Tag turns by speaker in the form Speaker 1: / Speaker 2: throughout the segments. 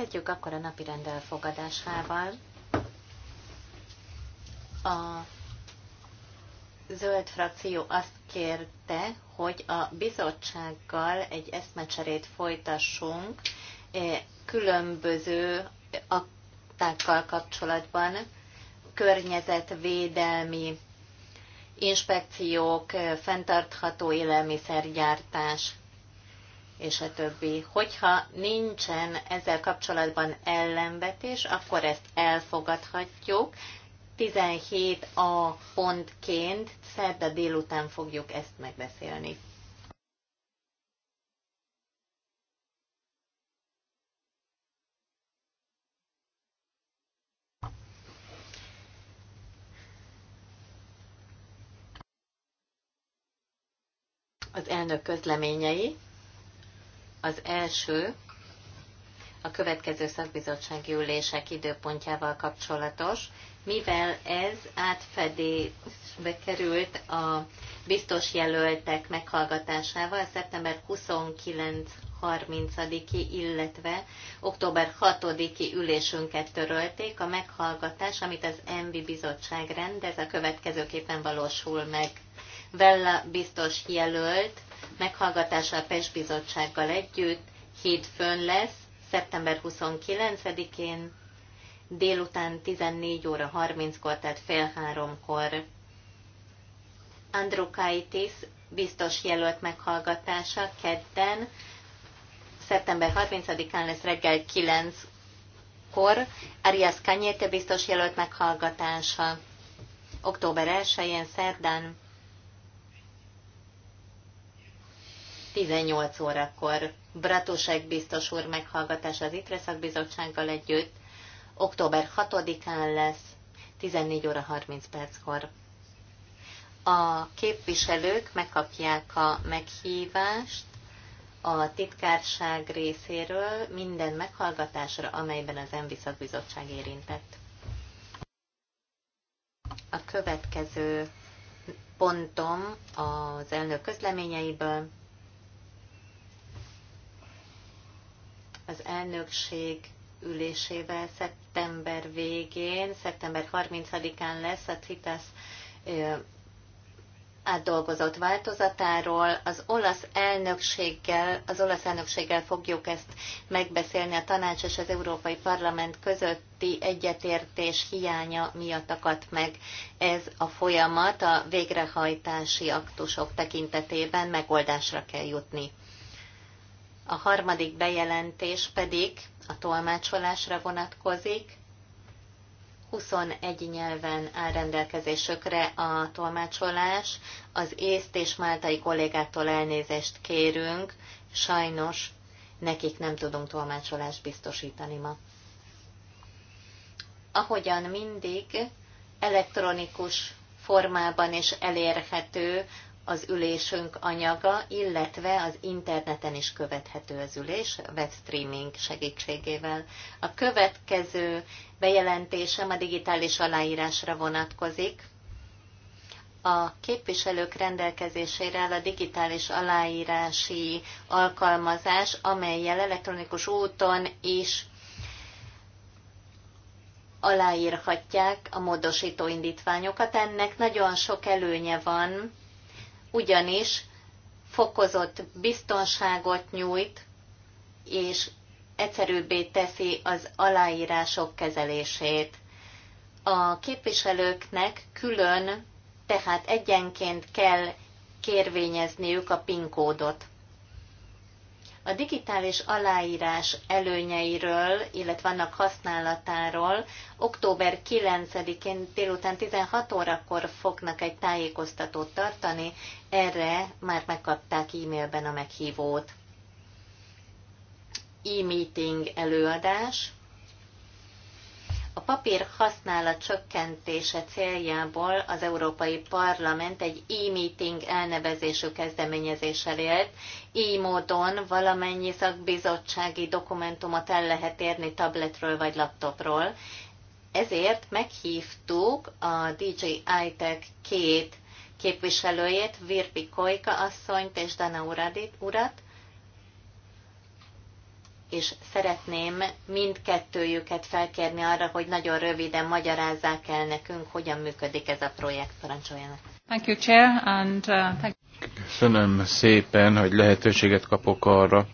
Speaker 1: Kezdjük akkor a napi rendelfogadásával. A zöld frakció azt kérte, hogy a bizottsággal egy eszmecserét folytassunk e, különböző aktákkal kapcsolatban, környezetvédelmi inspekciók, e, fenntartható élelmiszergyártás, és a többi. Hogyha nincsen ezzel kapcsolatban ellenvetés, akkor ezt elfogadhatjuk. 17a pontként szerda délután fogjuk ezt megbeszélni. az elnök közleményei. Az első a következő szakbizottsági ülések időpontjával kapcsolatos, mivel ez átfedésbe került a biztos jelöltek meghallgatásával szeptember 29-30-i, illetve október 6-i ülésünket törölték. A meghallgatás, amit az MB bizottság rendez, a következőképpen valósul meg. Vella biztos jelölt meghallgatása a PES bizottsággal együtt hétfőn lesz, szeptember 29-én, délután 14 óra 30-kor, tehát fél háromkor. Androkaitis biztos jelölt meghallgatása kedden, szeptember 30-án lesz reggel 9-kor, Arias Kanyete biztos jelölt meghallgatása október 1-én szerdán 18 órakor Bratusek biztos úr meghallgatás az ITRE szakbizottsággal együtt, október 6-án lesz, 14 óra 30 perckor. A képviselők megkapják a meghívást a titkárság részéről minden meghallgatásra, amelyben az ENVI szakbizottság érintett. A következő pontom az elnök közleményeiből az elnökség ülésével szeptember végén, szeptember 30-án lesz a CITAS átdolgozott változatáról. Az olasz elnökséggel, az olasz elnökséggel fogjuk ezt megbeszélni a tanács és az Európai Parlament közötti egyetértés hiánya miatt akadt meg ez a folyamat a végrehajtási aktusok tekintetében megoldásra kell jutni. A harmadik bejelentés pedig a tolmácsolásra vonatkozik. 21 nyelven áll rendelkezésükre a tolmácsolás. Az észt és máltai kollégától elnézést kérünk. Sajnos nekik nem tudunk tolmácsolást biztosítani ma. Ahogyan mindig, elektronikus formában is elérhető az ülésünk anyaga, illetve az interneten is követhető az ülés, webstreaming segítségével. A következő bejelentésem a digitális aláírásra vonatkozik. A képviselők rendelkezésére áll a digitális aláírási alkalmazás, amelyel elektronikus úton is aláírhatják a módosító indítványokat. Ennek nagyon sok előnye van, ugyanis fokozott biztonságot nyújt, és egyszerűbbé teszi az aláírások kezelését. A képviselőknek külön, tehát egyenként kell kérvényezniük a PIN kódot. A digitális aláírás előnyeiről, illetve annak használatáról október 9-én délután 16 órakor fognak egy tájékoztatót tartani, erre már megkapták e-mailben a meghívót. E-meeting előadás. A papír használat csökkentése céljából az Európai Parlament egy e-meeting elnevezésű kezdeményezéssel élt, így módon valamennyi szakbizottsági dokumentumot el lehet érni tabletről vagy laptopról. Ezért meghívtuk a DJI Tech két képviselőjét, Virpi Kojka asszonyt és Dana Uradit, urat, és szeretném mindkettőjüket felkérni arra, hogy nagyon röviden magyarázzák el nekünk, hogyan működik ez a projekt. Parancsoljanak.
Speaker 2: Thank you, Chair, and, uh, thank
Speaker 3: Köszönöm szépen, hogy lehetőséget kapok arra,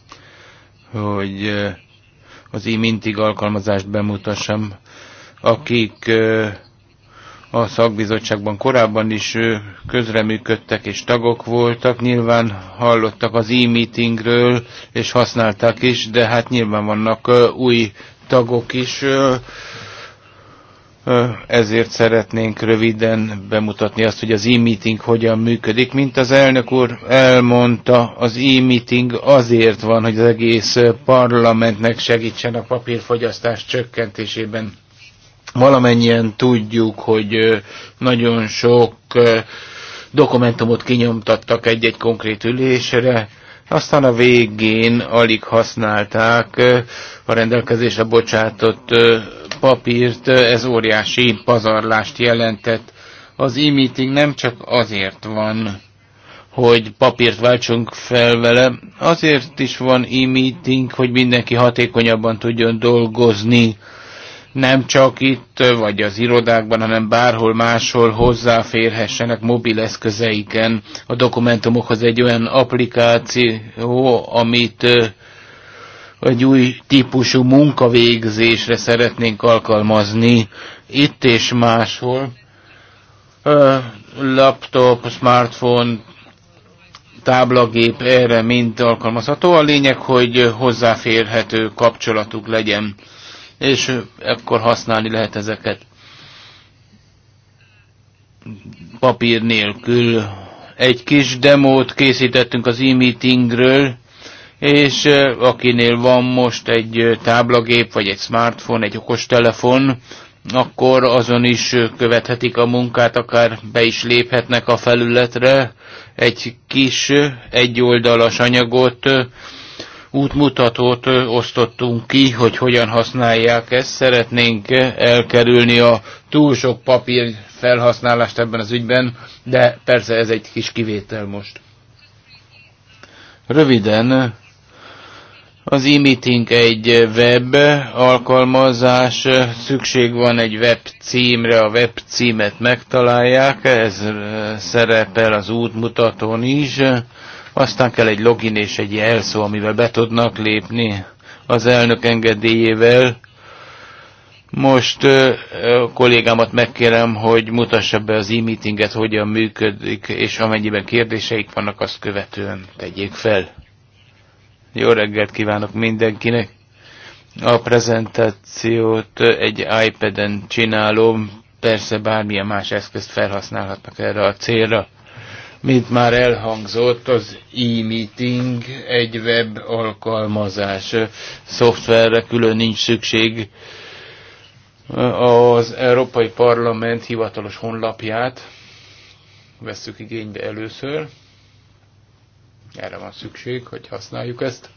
Speaker 3: hogy uh, az e-mintig alkalmazást bemutassam, akik uh, a szakbizottságban korábban is közreműködtek és tagok voltak, nyilván hallottak az e-meetingről, és használták is, de hát nyilván vannak új tagok is, ezért szeretnénk röviden bemutatni azt, hogy az e-meeting hogyan működik. Mint az elnök úr elmondta, az e-meeting azért van, hogy az egész parlamentnek segítsen a papírfogyasztás csökkentésében Valamennyien tudjuk, hogy nagyon sok dokumentumot kinyomtattak egy-egy konkrét ülésre, aztán a végén alig használták a rendelkezésre bocsátott papírt, ez óriási pazarlást jelentett. Az e-meeting nem csak azért van, hogy papírt váltsunk fel vele, azért is van e-meeting, hogy mindenki hatékonyabban tudjon dolgozni, nem csak itt, vagy az irodákban, hanem bárhol máshol hozzáférhessenek mobil eszközeiken a dokumentumokhoz egy olyan applikáció, amit egy új típusú munkavégzésre szeretnénk alkalmazni itt és máshol. Laptop, smartphone, táblagép erre mind alkalmazható. A lényeg, hogy hozzáférhető kapcsolatuk legyen és akkor használni lehet ezeket papír nélkül. Egy kis demót készítettünk az e-meetingről, és akinél van most egy táblagép, vagy egy smartphone, egy okostelefon, akkor azon is követhetik a munkát, akár be is léphetnek a felületre. Egy kis, egyoldalas anyagot útmutatót osztottunk ki, hogy hogyan használják ezt. Szeretnénk elkerülni a túl sok papír felhasználást ebben az ügyben, de persze ez egy kis kivétel most. Röviden, az e-meeting egy web alkalmazás, szükség van egy web címre, a web címet megtalálják, ez szerepel az útmutatón is. Aztán kell egy login és egy jelszó, amivel be tudnak lépni az elnök engedélyével. Most a kollégámat megkérem, hogy mutassa be az e-meetinget, hogyan működik, és amennyiben kérdéseik vannak, azt követően tegyék fel. Jó reggelt kívánok mindenkinek! A prezentációt egy iPad-en csinálom, persze bármilyen más eszközt felhasználhatnak erre a célra. Mint már elhangzott, az e-meeting egy web alkalmazás. Szoftverre külön nincs szükség. Az Európai Parlament hivatalos honlapját vesszük igénybe először. Erre van szükség, hogy használjuk ezt.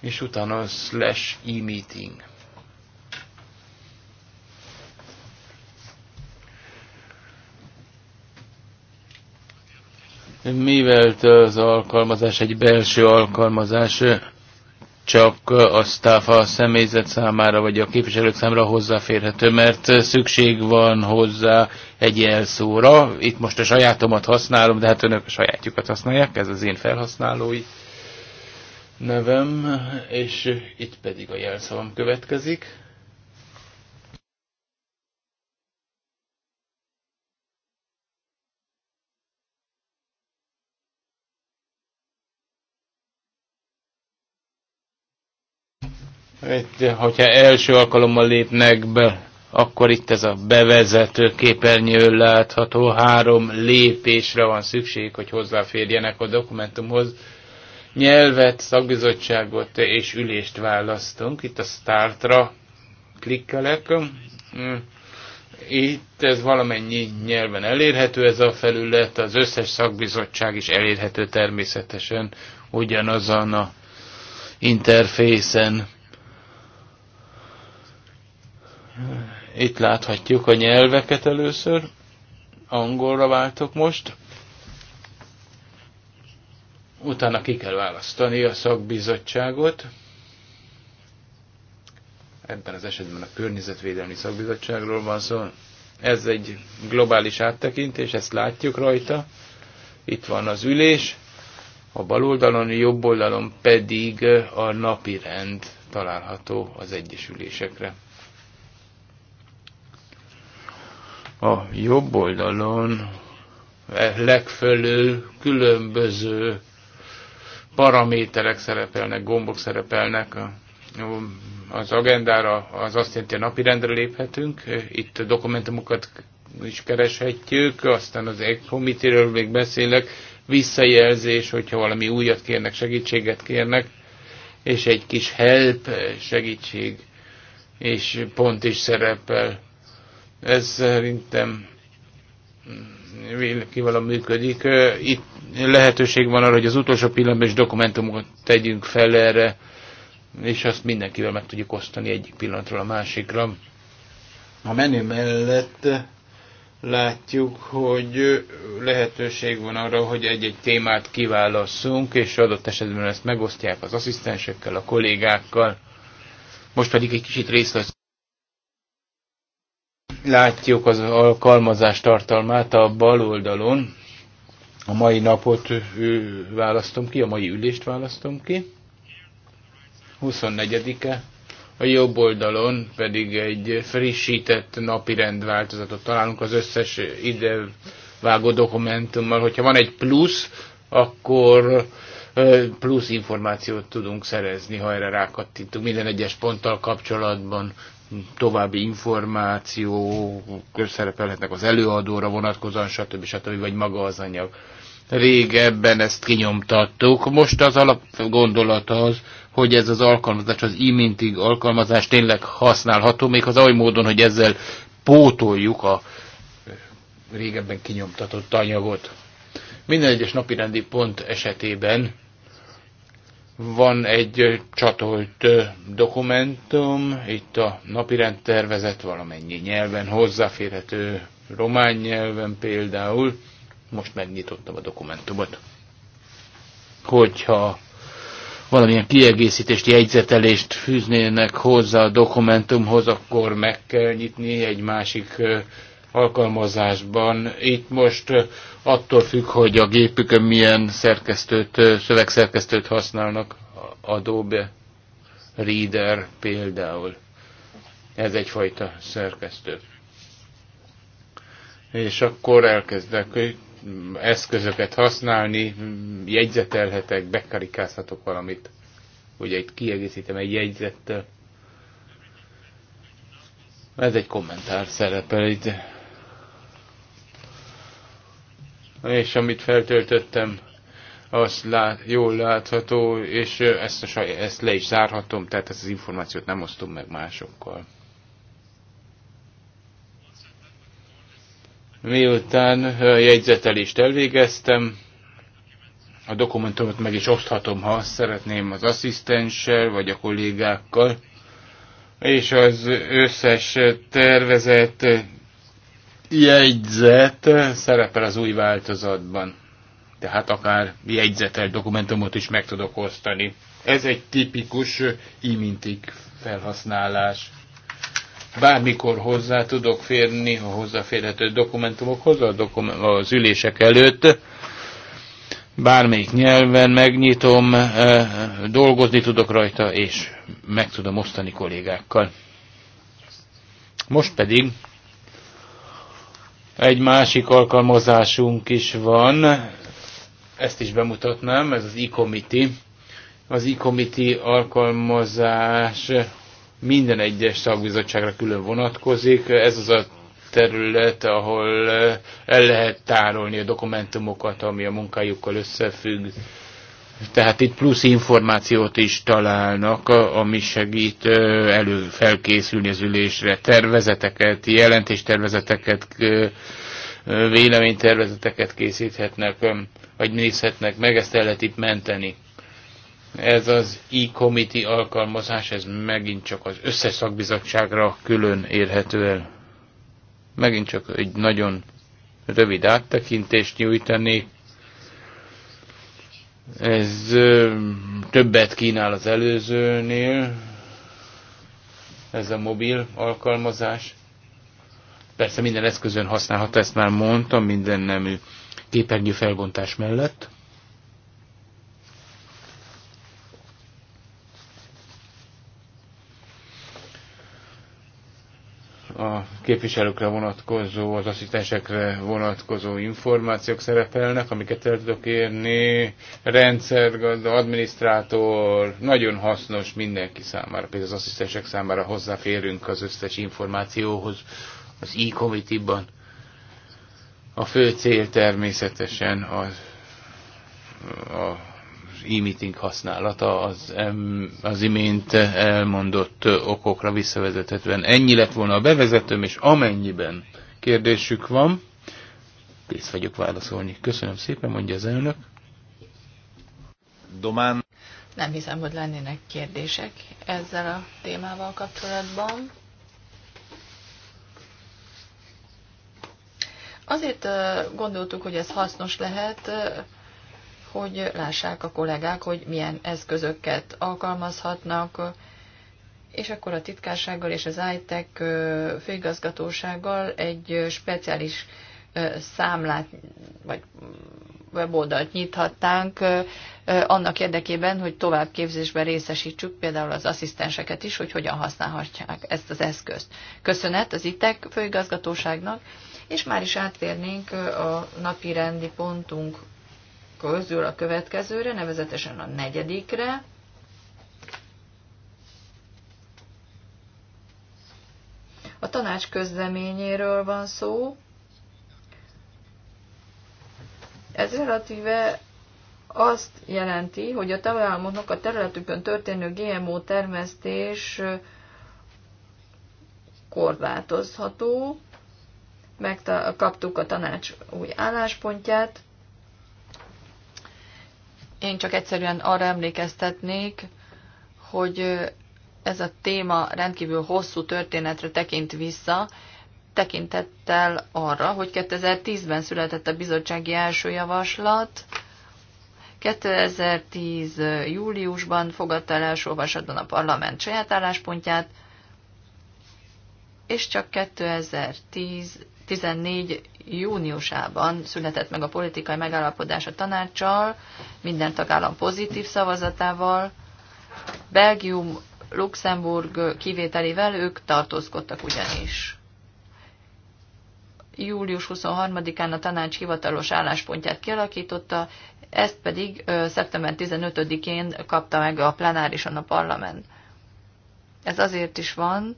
Speaker 3: És utána a slash e-meeting mivel az alkalmazás egy belső alkalmazás, csak a staff a személyzet számára, vagy a képviselők számára hozzáférhető, mert szükség van hozzá egy jelszóra. Itt most a sajátomat használom, de hát önök a sajátjukat használják, ez az én felhasználói nevem, és itt pedig a jelszavam következik. Itt, hogyha első alkalommal lépnek be, akkor itt ez a bevezető képernyő látható. Három lépésre van szükség, hogy hozzáférjenek a dokumentumhoz. Nyelvet, szakbizottságot és ülést választunk. Itt a startra klikkelek. Itt ez valamennyi nyelven elérhető ez a felület, az összes szakbizottság is elérhető természetesen ugyanazon a interfészen itt láthatjuk a nyelveket először. Angolra váltok most. Utána ki kell választani a szakbizottságot. Ebben az esetben a környezetvédelmi szakbizottságról van szó. Ez egy globális áttekintés, ezt látjuk rajta. Itt van az ülés, a bal oldalon, a jobb oldalon pedig a napi rend található az egyesülésekre. A jobb oldalon e, legfelül különböző paraméterek szerepelnek, gombok szerepelnek az agendára, az azt jelenti, a napirendre léphetünk, e, itt a dokumentumokat is kereshetjük, aztán az egy komitéről még beszélek, visszajelzés, hogyha valami újat kérnek, segítséget kérnek, és egy kis help, segítség, és pont is szerepel. Ez szerintem kivalóan működik. Itt lehetőség van arra, hogy az utolsó pillanatban is dokumentumokat tegyünk fel erre, és azt mindenkivel meg tudjuk osztani egyik pillanatról a másikra. A menü mellett látjuk, hogy lehetőség van arra, hogy egy-egy témát kiválasszunk, és adott esetben ezt megosztják az asszisztensekkel, a kollégákkal. Most pedig egy kicsit részlet látjuk az alkalmazás tartalmát a bal oldalon. A mai napot választom ki, a mai ülést választom ki. 24-e, a jobb oldalon pedig egy frissített napi rendváltozatot találunk az összes ide vágó dokumentummal. Hogyha van egy plusz, akkor plusz információt tudunk szerezni, ha erre rákattintunk minden egyes ponttal kapcsolatban további információ közszerepelhetnek az előadóra vonatkozóan, stb. stb. vagy maga az anyag. Régebben ezt kinyomtattuk, most az alapgondolat az, hogy ez az alkalmazás, az e alkalmazás tényleg használható, még az oly módon, hogy ezzel pótoljuk a régebben kinyomtatott anyagot. Minden egyes napirendi pont esetében van egy csatolt dokumentum, itt a napirend tervezet valamennyi nyelven hozzáférhető, román nyelven például. Most megnyitottam a dokumentumot. Hogyha valamilyen kiegészítést, jegyzetelést fűznének hozzá a dokumentumhoz, akkor meg kell nyitni egy másik alkalmazásban. Itt most attól függ, hogy a gépükön milyen szerkesztőt, szövegszerkesztőt használnak, Adobe Reader például. Ez egyfajta szerkesztő. És akkor elkezdek eszközöket használni, jegyzetelhetek, bekarikázhatok valamit. Ugye itt kiegészítem egy jegyzettel. Ez egy kommentár szerepel itt és amit feltöltöttem, az lát, jól látható, és ezt, a saj, ezt le is zárhatom, tehát ezt az információt nem osztom meg másokkal. Miután a jegyzetelést elvégeztem, a dokumentumot meg is oszthatom, ha azt szeretném az asszisztenssel vagy a kollégákkal, és az összes tervezett jegyzet szerepel az új változatban. Tehát akár jegyzetel dokumentumot is meg tudok osztani. Ez egy tipikus imintig felhasználás. Bármikor hozzá tudok férni a hozzáférhető dokumentumokhoz a dokum- az ülések előtt. Bármelyik nyelven megnyitom, eh, dolgozni tudok rajta, és meg tudom osztani kollégákkal. Most pedig egy másik alkalmazásunk is van, ezt is bemutatnám, ez az e-committee. Az e-committee alkalmazás minden egyes szakbizottságra külön vonatkozik. Ez az a terület, ahol el lehet tárolni a dokumentumokat, ami a munkájukkal összefügg tehát itt plusz információt is találnak, ami segít elő felkészülni az ülésre. Tervezeteket, jelentéstervezeteket, véleménytervezeteket készíthetnek, vagy nézhetnek meg, ezt el lehet itt menteni. Ez az e-committee alkalmazás, ez megint csak az összes szakbizottságra külön érhető el. Megint csak egy nagyon rövid áttekintést nyújtanék ez többet kínál az előzőnél, ez a mobil alkalmazás. Persze minden eszközön használható, ezt már mondtam, minden nemű képernyő felbontás mellett. a képviselőkre vonatkozó, az asszisztensekre vonatkozó információk szerepelnek, amiket el tudok érni. Rendszer, adminisztrátor, nagyon hasznos mindenki számára, például az asszisztensek számára hozzáférünk az összes információhoz az e ban A fő cél természetesen az a e-meeting használata az, az imént elmondott okokra visszavezethetően. Ennyi lett volna a bevezetőm, és amennyiben kérdésük van, kész vagyok válaszolni. Köszönöm szépen, mondja az elnök. Domán.
Speaker 2: Nem hiszem, hogy lennének kérdések ezzel a témával kapcsolatban. Azért gondoltuk, hogy ez hasznos lehet, hogy lássák a kollégák, hogy milyen eszközöket alkalmazhatnak, és akkor a titkársággal és az ITEC főigazgatósággal egy speciális számlát vagy weboldalt nyithattánk annak érdekében, hogy továbbképzésben részesítsük például az asszisztenseket is, hogy hogyan használhatják ezt az eszközt. Köszönet az ITEC főigazgatóságnak, és már is áttérnénk a napi rendi pontunk közül a következőre, nevezetesen a negyedikre, A tanács közleményéről van szó. Ez relatíve azt jelenti, hogy a tagállamoknak a területükön történő GMO termesztés korlátozható. Megkaptuk a tanács új álláspontját. Én csak egyszerűen arra emlékeztetnék, hogy ez a téma rendkívül hosszú történetre tekint vissza, tekintettel arra, hogy 2010-ben született a bizottsági első javaslat, 2010. júliusban fogadta el első olvasatban a parlament saját álláspontját, és csak 2010. 2014 júniusában született meg a politikai megállapodás a tanácssal, minden tagállam pozitív szavazatával. Belgium, Luxemburg kivételével ők tartózkodtak ugyanis. Július 23-án a tanács hivatalos álláspontját kialakította, ezt pedig szeptember 15-én kapta meg a plenárison a parlament. Ez azért is van,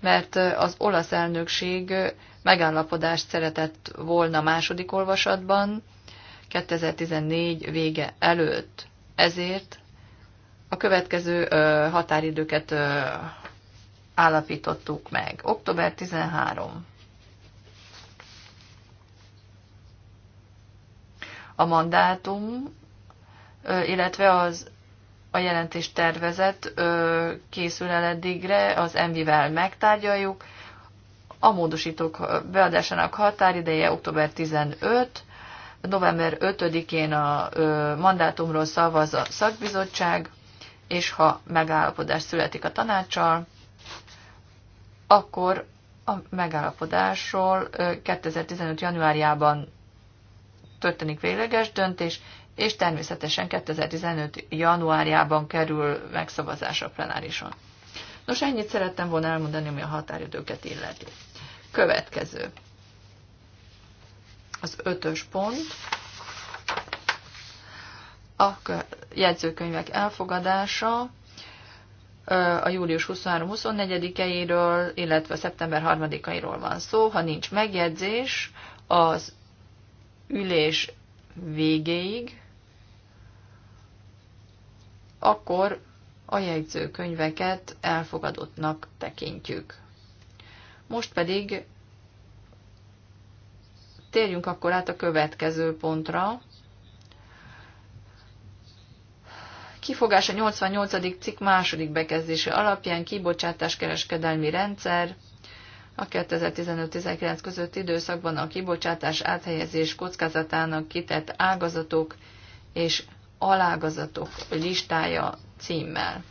Speaker 2: mert az olasz elnökség megállapodást szeretett volna második olvasatban 2014 vége előtt. Ezért a következő határidőket állapítottuk meg. Október 13. A mandátum, illetve az a jelentés tervezet készül el eddigre, az MV-vel megtárgyaljuk, a módosítók beadásának határideje október 15, november 5-én a mandátumról szavaz a szakbizottság, és ha megállapodás születik a tanácsal, akkor a megállapodásról 2015. januárjában történik végleges döntés, és természetesen 2015. januárjában kerül megszavazásra plenárison. Nos, ennyit szerettem volna elmondani, ami a határidőket illeti. Következő. Az ötös pont. A jegyzőkönyvek elfogadása a július 23 24 éről illetve szeptember 3-airól van szó. Ha nincs megjegyzés, az ülés végéig, akkor a jegyzőkönyveket elfogadottnak tekintjük. Most pedig térjünk akkor át a következő pontra. Kifogás a 88. cikk második bekezdése alapján kibocsátás kereskedelmi rendszer a 2015-19 közötti időszakban a kibocsátás áthelyezés kockázatának kitett ágazatok és alágazatok listája címmel.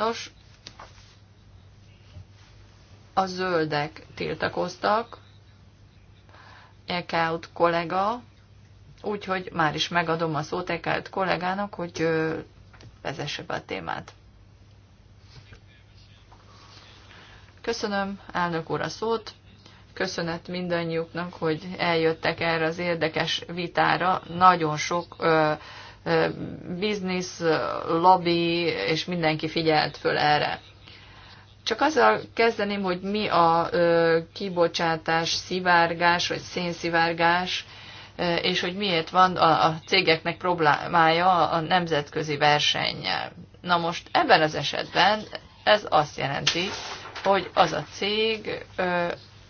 Speaker 2: Nos, a zöldek tiltakoztak, Ekaut kollega, úgyhogy már is megadom a szót Ekaut kollégának, hogy vezesse be a témát. Köszönöm, elnök úr, a szót. Köszönet mindannyiuknak, hogy eljöttek erre az érdekes vitára. Nagyon sok ö, biznisz, lobby és mindenki figyelt föl erre. Csak azzal kezdeném, hogy mi a kibocsátás, szivárgás vagy szénszivárgás, és hogy miért van a cégeknek problémája a nemzetközi versennyel. Na most ebben az esetben ez azt jelenti, hogy az a cég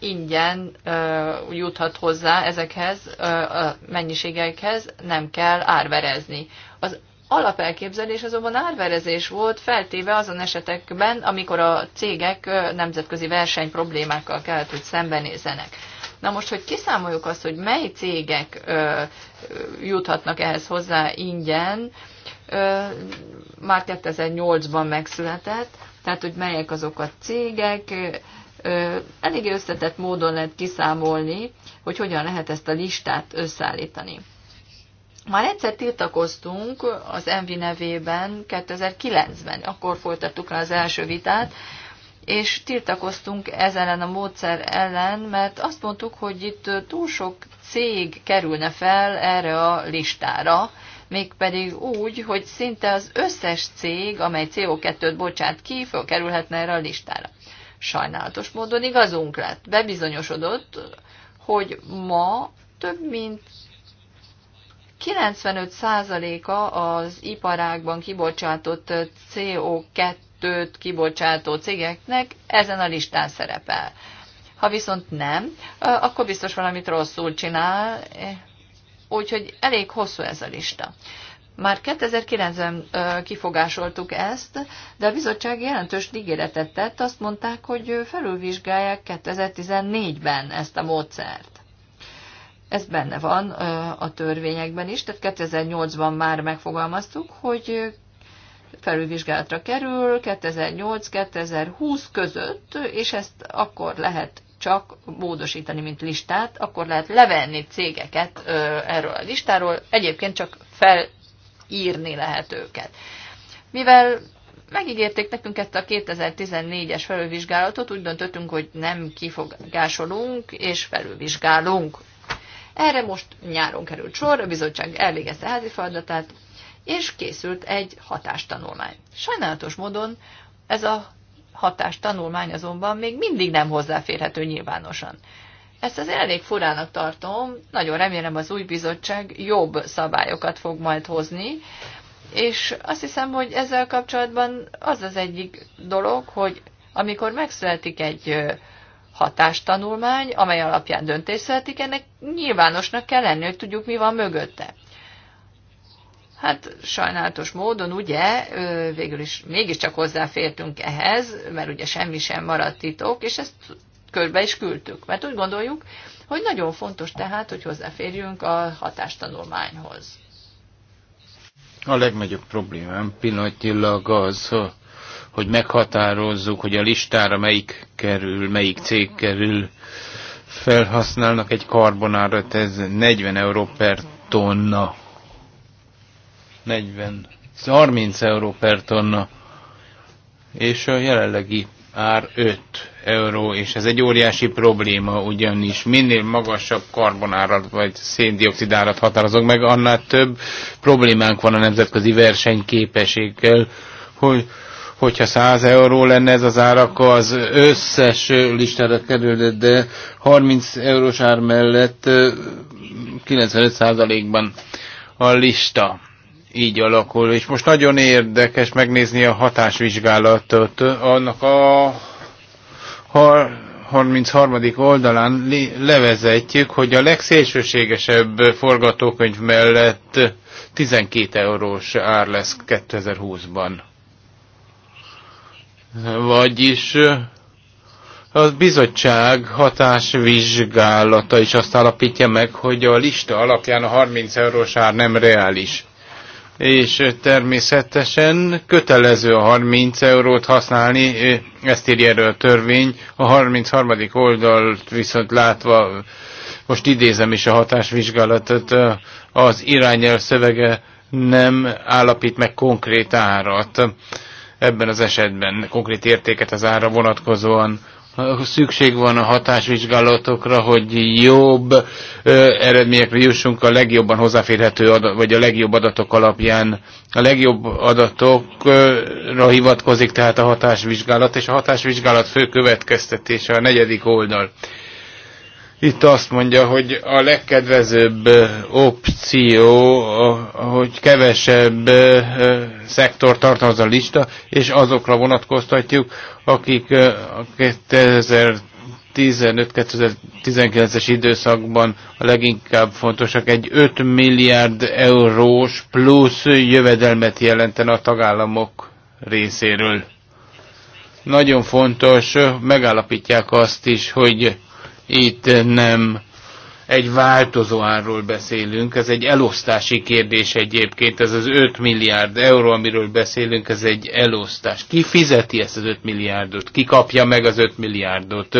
Speaker 2: ingyen uh, juthat hozzá ezekhez uh, a mennyiségekhez, nem kell árverezni. Az alapelképzelés azonban árverezés volt, feltéve azon esetekben, amikor a cégek nemzetközi verseny problémákkal kellett, hogy szembenézzenek. Na most, hogy kiszámoljuk azt, hogy mely cégek uh, juthatnak ehhez hozzá ingyen, uh, már 2008-ban megszületett, tehát hogy melyek azok a cégek, eléggé összetett módon lehet kiszámolni, hogy hogyan lehet ezt a listát összeállítani. Már egyszer tiltakoztunk az Envi nevében 2009-ben, akkor folytattuk rá az első vitát, és tiltakoztunk ezen ellen a módszer ellen, mert azt mondtuk, hogy itt túl sok cég kerülne fel erre a listára, mégpedig úgy, hogy szinte az összes cég, amely CO2-t bocsát ki, fölkerülhetne erre a listára. Sajnálatos módon igazunk lett. Bebizonyosodott, hogy ma több mint 95%-a az iparágban kibocsátott CO2-t kibocsátó cégeknek ezen a listán szerepel. Ha viszont nem, akkor biztos valamit rosszul csinál, úgyhogy elég hosszú ez a lista. Már 2009-ben kifogásoltuk ezt, de a bizottság jelentős ígéretet tett, azt mondták, hogy felülvizsgálják 2014-ben ezt a módszert. Ez benne van a törvényekben is, tehát 2008-ban már megfogalmaztuk, hogy felülvizsgálatra kerül 2008-2020 között, és ezt akkor lehet csak módosítani, mint listát, akkor lehet levenni cégeket erről a listáról, egyébként csak fel írni lehet őket. Mivel megígérték nekünk ezt a 2014-es felülvizsgálatot, úgy döntöttünk, hogy nem kifogásolunk és felülvizsgálunk. Erre most nyáron került sor, a bizottság elvégezte házi feladatát, és készült egy hatástanulmány. Sajnálatos módon ez a hatástanulmány azonban még mindig nem hozzáférhető nyilvánosan. Ezt az elég furának tartom, nagyon remélem az új bizottság jobb szabályokat fog majd hozni, és azt hiszem, hogy ezzel kapcsolatban az az egyik dolog, hogy amikor megszületik egy hatástanulmány, amely alapján döntés születik, ennek nyilvánosnak kell lenni, hogy tudjuk, mi van mögötte. Hát sajnálatos módon, ugye, végül is mégiscsak hozzáfértünk ehhez, mert ugye semmi sem maradt titok, és ezt körbe is küldtük, mert úgy gondoljuk, hogy nagyon fontos tehát, hogy hozzáférjünk a hatástanulmányhoz.
Speaker 3: A legnagyobb problémám pillanatilag az, hogy meghatározzuk, hogy a listára melyik kerül, melyik cég kerül. Felhasználnak egy karbonárat, ez 40 euró per tonna. 40, 30 euró per tonna. És a jelenlegi ár 5 euró, és ez egy óriási probléma, ugyanis minél magasabb karbonárat vagy széndiokszidárat határozok meg, annál több problémánk van a nemzetközi versenyképességgel, hogy hogyha 100 euró lenne ez az ár, akkor az összes listára kerülne, de 30 eurós ár mellett 95%-ban a lista így alakul. És most nagyon érdekes megnézni a hatásvizsgálatot. Annak a 33. oldalán levezetjük, hogy a legszélsőségesebb forgatókönyv mellett 12 eurós ár lesz 2020-ban. Vagyis eh, a bizottság hatásvizsgálata is azt állapítja meg, hogy a lista alapján a 30 eurós ár nem reális és természetesen kötelező a 30 eurót használni, ezt írja erről a törvény. A 33. oldalt viszont látva, most idézem is a hatásvizsgálatot, az irányel szövege nem állapít meg konkrét árat ebben az esetben, konkrét értéket az ára vonatkozóan. Szükség van a hatásvizsgálatokra, hogy jobb ö, eredményekre jussunk a legjobban hozzáférhető adat, vagy a legjobb adatok alapján. A legjobb adatokra hivatkozik tehát a hatásvizsgálat, és a hatásvizsgálat fő következtetése a negyedik oldal itt azt mondja, hogy a legkedvezőbb opció, hogy kevesebb szektor tartoz a lista, és azokra vonatkoztatjuk, akik a 2015-2019-es időszakban a leginkább fontosak. Egy 5 milliárd eurós plusz jövedelmet jelenten a tagállamok részéről. Nagyon fontos, megállapítják azt is, hogy itt nem egy változó árról beszélünk, ez egy elosztási kérdés egyébként, ez az 5 milliárd euró, amiről beszélünk, ez egy elosztás. Ki fizeti ezt az 5 milliárdot? Ki kapja meg az 5 milliárdot?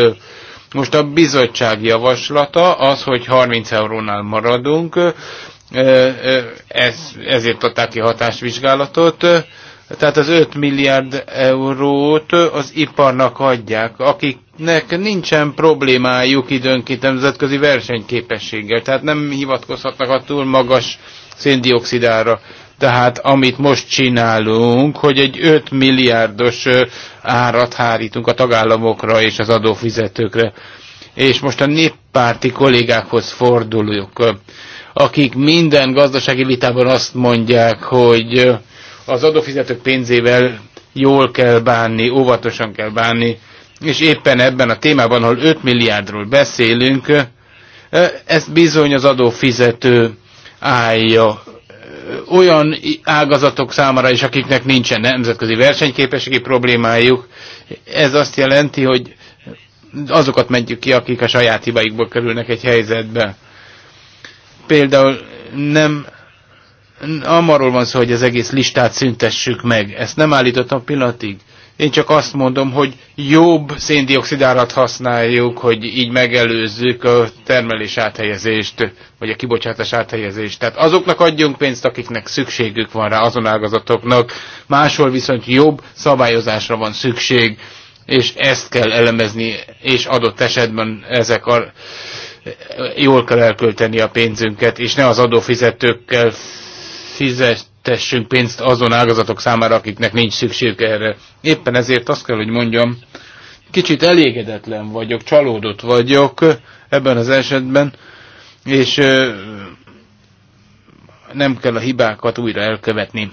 Speaker 3: Most a bizottság javaslata az, hogy 30 eurónál maradunk, ez, ezért adták ki hatásvizsgálatot, tehát az 5 milliárd eurót az iparnak adják, akik nek nincsen problémájuk időnként nemzetközi versenyképességgel, tehát nem hivatkozhatnak a túl magas széndiokszidára. Tehát amit most csinálunk, hogy egy 5 milliárdos árat hárítunk a tagállamokra és az adófizetőkre. És most a néppárti kollégákhoz forduljuk, akik minden gazdasági vitában azt mondják, hogy az adófizetők pénzével jól kell bánni, óvatosan kell bánni, és éppen ebben a témában, ahol 5 milliárdról beszélünk, ezt bizony az adófizető állja olyan ágazatok számára is, akiknek nincsen nemzetközi versenyképességi problémájuk. Ez azt jelenti, hogy azokat mentjük ki, akik a saját hibáikból kerülnek egy helyzetbe. Például nem amarról van szó, hogy az egész listát szüntessük meg. Ezt nem állítottam pillanatig. Én csak azt mondom, hogy jobb széndiokszidárat használjuk, hogy így megelőzzük a termelés áthelyezést, vagy a kibocsátás áthelyezést. Tehát azoknak adjunk pénzt, akiknek szükségük van rá, azon ágazatoknak. Máshol viszont jobb szabályozásra van szükség, és ezt kell elemezni, és adott esetben ezek a jól kell elkölteni a pénzünket, és ne az adófizetőkkel fizet, eltüntessünk pénzt azon ágazatok számára, akiknek nincs szükség erre. Éppen ezért azt kell, hogy mondjam, kicsit elégedetlen vagyok, csalódott vagyok ebben az esetben, és nem kell a hibákat újra elkövetni.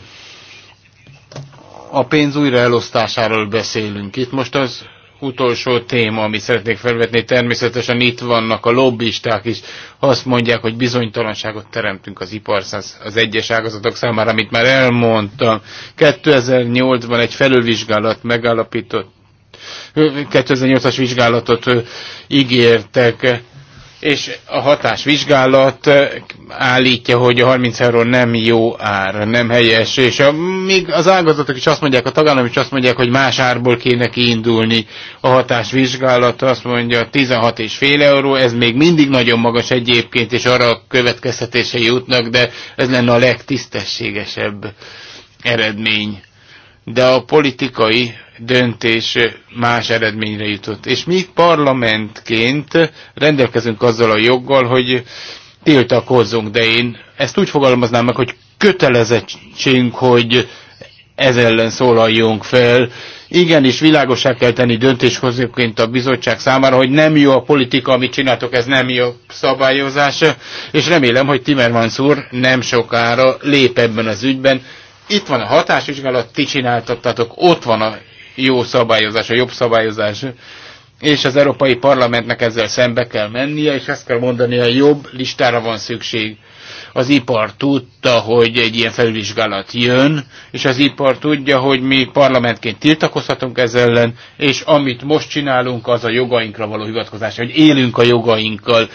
Speaker 3: A pénz újra elosztásáról beszélünk. Itt most az utolsó téma, amit szeretnék felvetni, természetesen itt vannak a lobbisták is, azt mondják, hogy bizonytalanságot teremtünk az ipar az egyes ágazatok számára, amit már elmondtam. 2008-ban egy felülvizsgálat megállapított 2008-as vizsgálatot ígértek, és a hatásvizsgálat eh, állítja, hogy a 30 euró nem jó ár, nem helyes, és a, még az ágazatok is azt mondják, a tagállamok is azt mondják, hogy más árból kéne kiindulni. A hatásvizsgálat azt mondja, 16,5 euró, ez még mindig nagyon magas egyébként, és arra a következtetése jutnak, de ez lenne a legtisztességesebb eredmény de a politikai döntés más eredményre jutott. És mi parlamentként rendelkezünk azzal a joggal, hogy tiltakozzunk, de én ezt úgy fogalmaznám meg, hogy kötelezettségünk, hogy ez ellen szólaljunk fel. Igenis, világosá kell tenni döntéshozóként a bizottság számára, hogy nem jó a politika, amit csináltok, ez nem jó szabályozás, és remélem, hogy Timmermans úr nem sokára lép ebben az ügyben, itt van a hatásvizsgálat, ti csináltattatok, ott van a jó szabályozás, a jobb szabályozás, és az Európai Parlamentnek ezzel szembe kell mennie, és ezt kell mondani, a jobb listára van szükség. Az ipar tudta, hogy egy ilyen felvizsgálat jön, és az ipar tudja, hogy mi parlamentként tiltakozhatunk ez ellen, és amit most csinálunk, az a jogainkra való hivatkozás, hogy élünk a jogainkkal.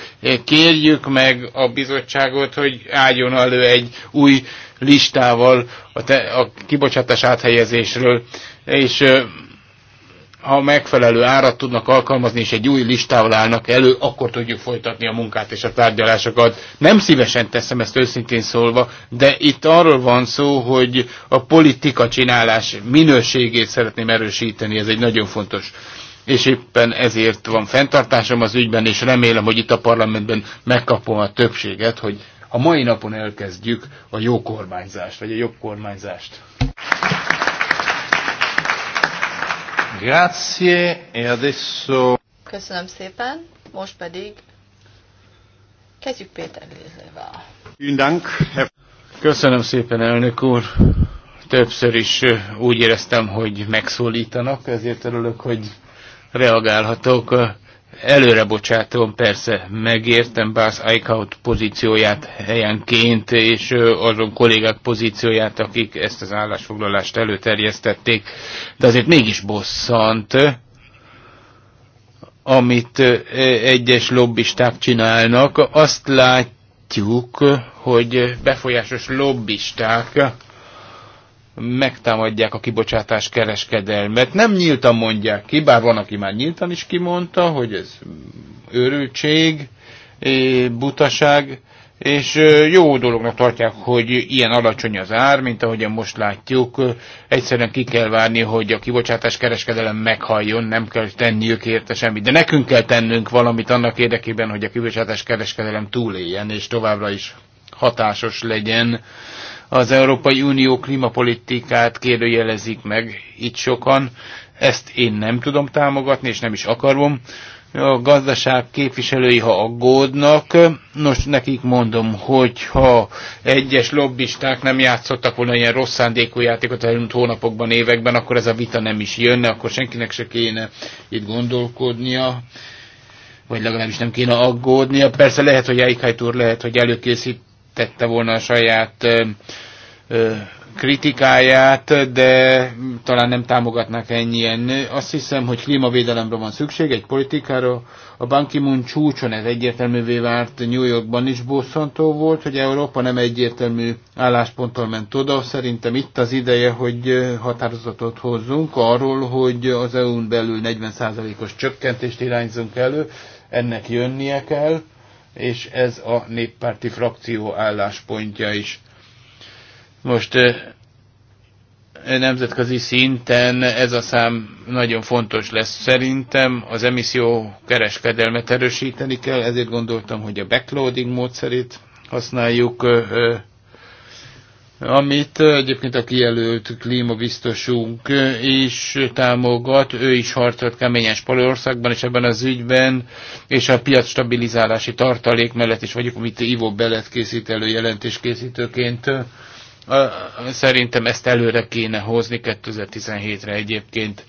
Speaker 3: Kérjük meg a bizottságot, hogy álljon elő egy új listával a, te, a kibocsátás áthelyezésről, és ha megfelelő árat tudnak alkalmazni, és egy új listával állnak elő, akkor tudjuk folytatni a munkát és a tárgyalásokat. Nem szívesen teszem ezt őszintén szólva, de itt arról van szó, hogy a politika csinálás minőségét szeretném erősíteni, ez egy nagyon fontos és éppen ezért van fenntartásom az ügyben, és remélem, hogy itt a parlamentben megkapom a többséget, hogy a mai napon elkezdjük a jó kormányzást, vagy a jobb kormányzást. Grazie, e adesso...
Speaker 2: Köszönöm szépen, most pedig kezdjük Péter
Speaker 3: Lézével. Köszönöm szépen, elnök úr. Többször is úgy éreztem, hogy megszólítanak, ezért örülök, hogy reagálhatok. Előre bocsátom, persze megértem Bász Eichhout pozícióját helyenként, és azon kollégák pozícióját, akik ezt az állásfoglalást előterjesztették, de azért mégis bosszant, amit egyes lobbisták csinálnak. Azt látjuk, hogy befolyásos lobbisták megtámadják a kibocsátás kereskedelmet. Nem nyíltan mondják ki, bár van, aki már nyíltan is kimondta, hogy ez őrültség, butaság, és jó dolognak tartják, hogy ilyen alacsony az ár, mint ahogyan most látjuk. Egyszerűen ki kell várni, hogy a kibocsátás kereskedelem meghalljon, nem kell tenniük érte semmit. De nekünk kell tennünk valamit annak érdekében, hogy a kibocsátás kereskedelem túléljen, és továbbra is hatásos legyen az Európai Unió klímapolitikát kérdőjelezik meg itt sokan. Ezt én nem tudom támogatni, és nem is akarom. A gazdaság képviselői, ha aggódnak, nos, nekik mondom, hogy ha egyes lobbisták nem játszottak volna ilyen rossz szándékú játékot elmúlt hónapokban, években, akkor ez a vita nem is jönne, akkor senkinek se kéne itt gondolkodnia vagy legalábbis nem kéne aggódnia. Persze lehet, hogy Eichheit úr lehet, hogy előkészít tette volna a saját kritikáját, de talán nem támogatnak ennyien. Azt hiszem, hogy klímavédelemre van szükség, egy politikára. A banki moon csúcson ez egyértelművé várt, New Yorkban is bosszantó volt, hogy Európa nem egyértelmű állásponttal ment oda. Szerintem itt az ideje, hogy határozatot hozzunk arról, hogy az EU-n belül 40%-os csökkentést irányzunk elő, ennek jönnie kell és ez a néppárti frakció álláspontja is. Most eh, nemzetközi szinten ez a szám nagyon fontos lesz szerintem. Az emisszió kereskedelmet erősíteni kell, ezért gondoltam, hogy a backloading módszerét használjuk eh, eh, amit egyébként a kijelölt klímabiztosunk is támogat, ő is harcolt keményen Spanyolországban és ebben az ügyben, és a piac stabilizálási tartalék mellett is vagyok, amit Ivo Belet készít elő jelentéskészítőként. Szerintem ezt előre kéne hozni 2017-re egyébként.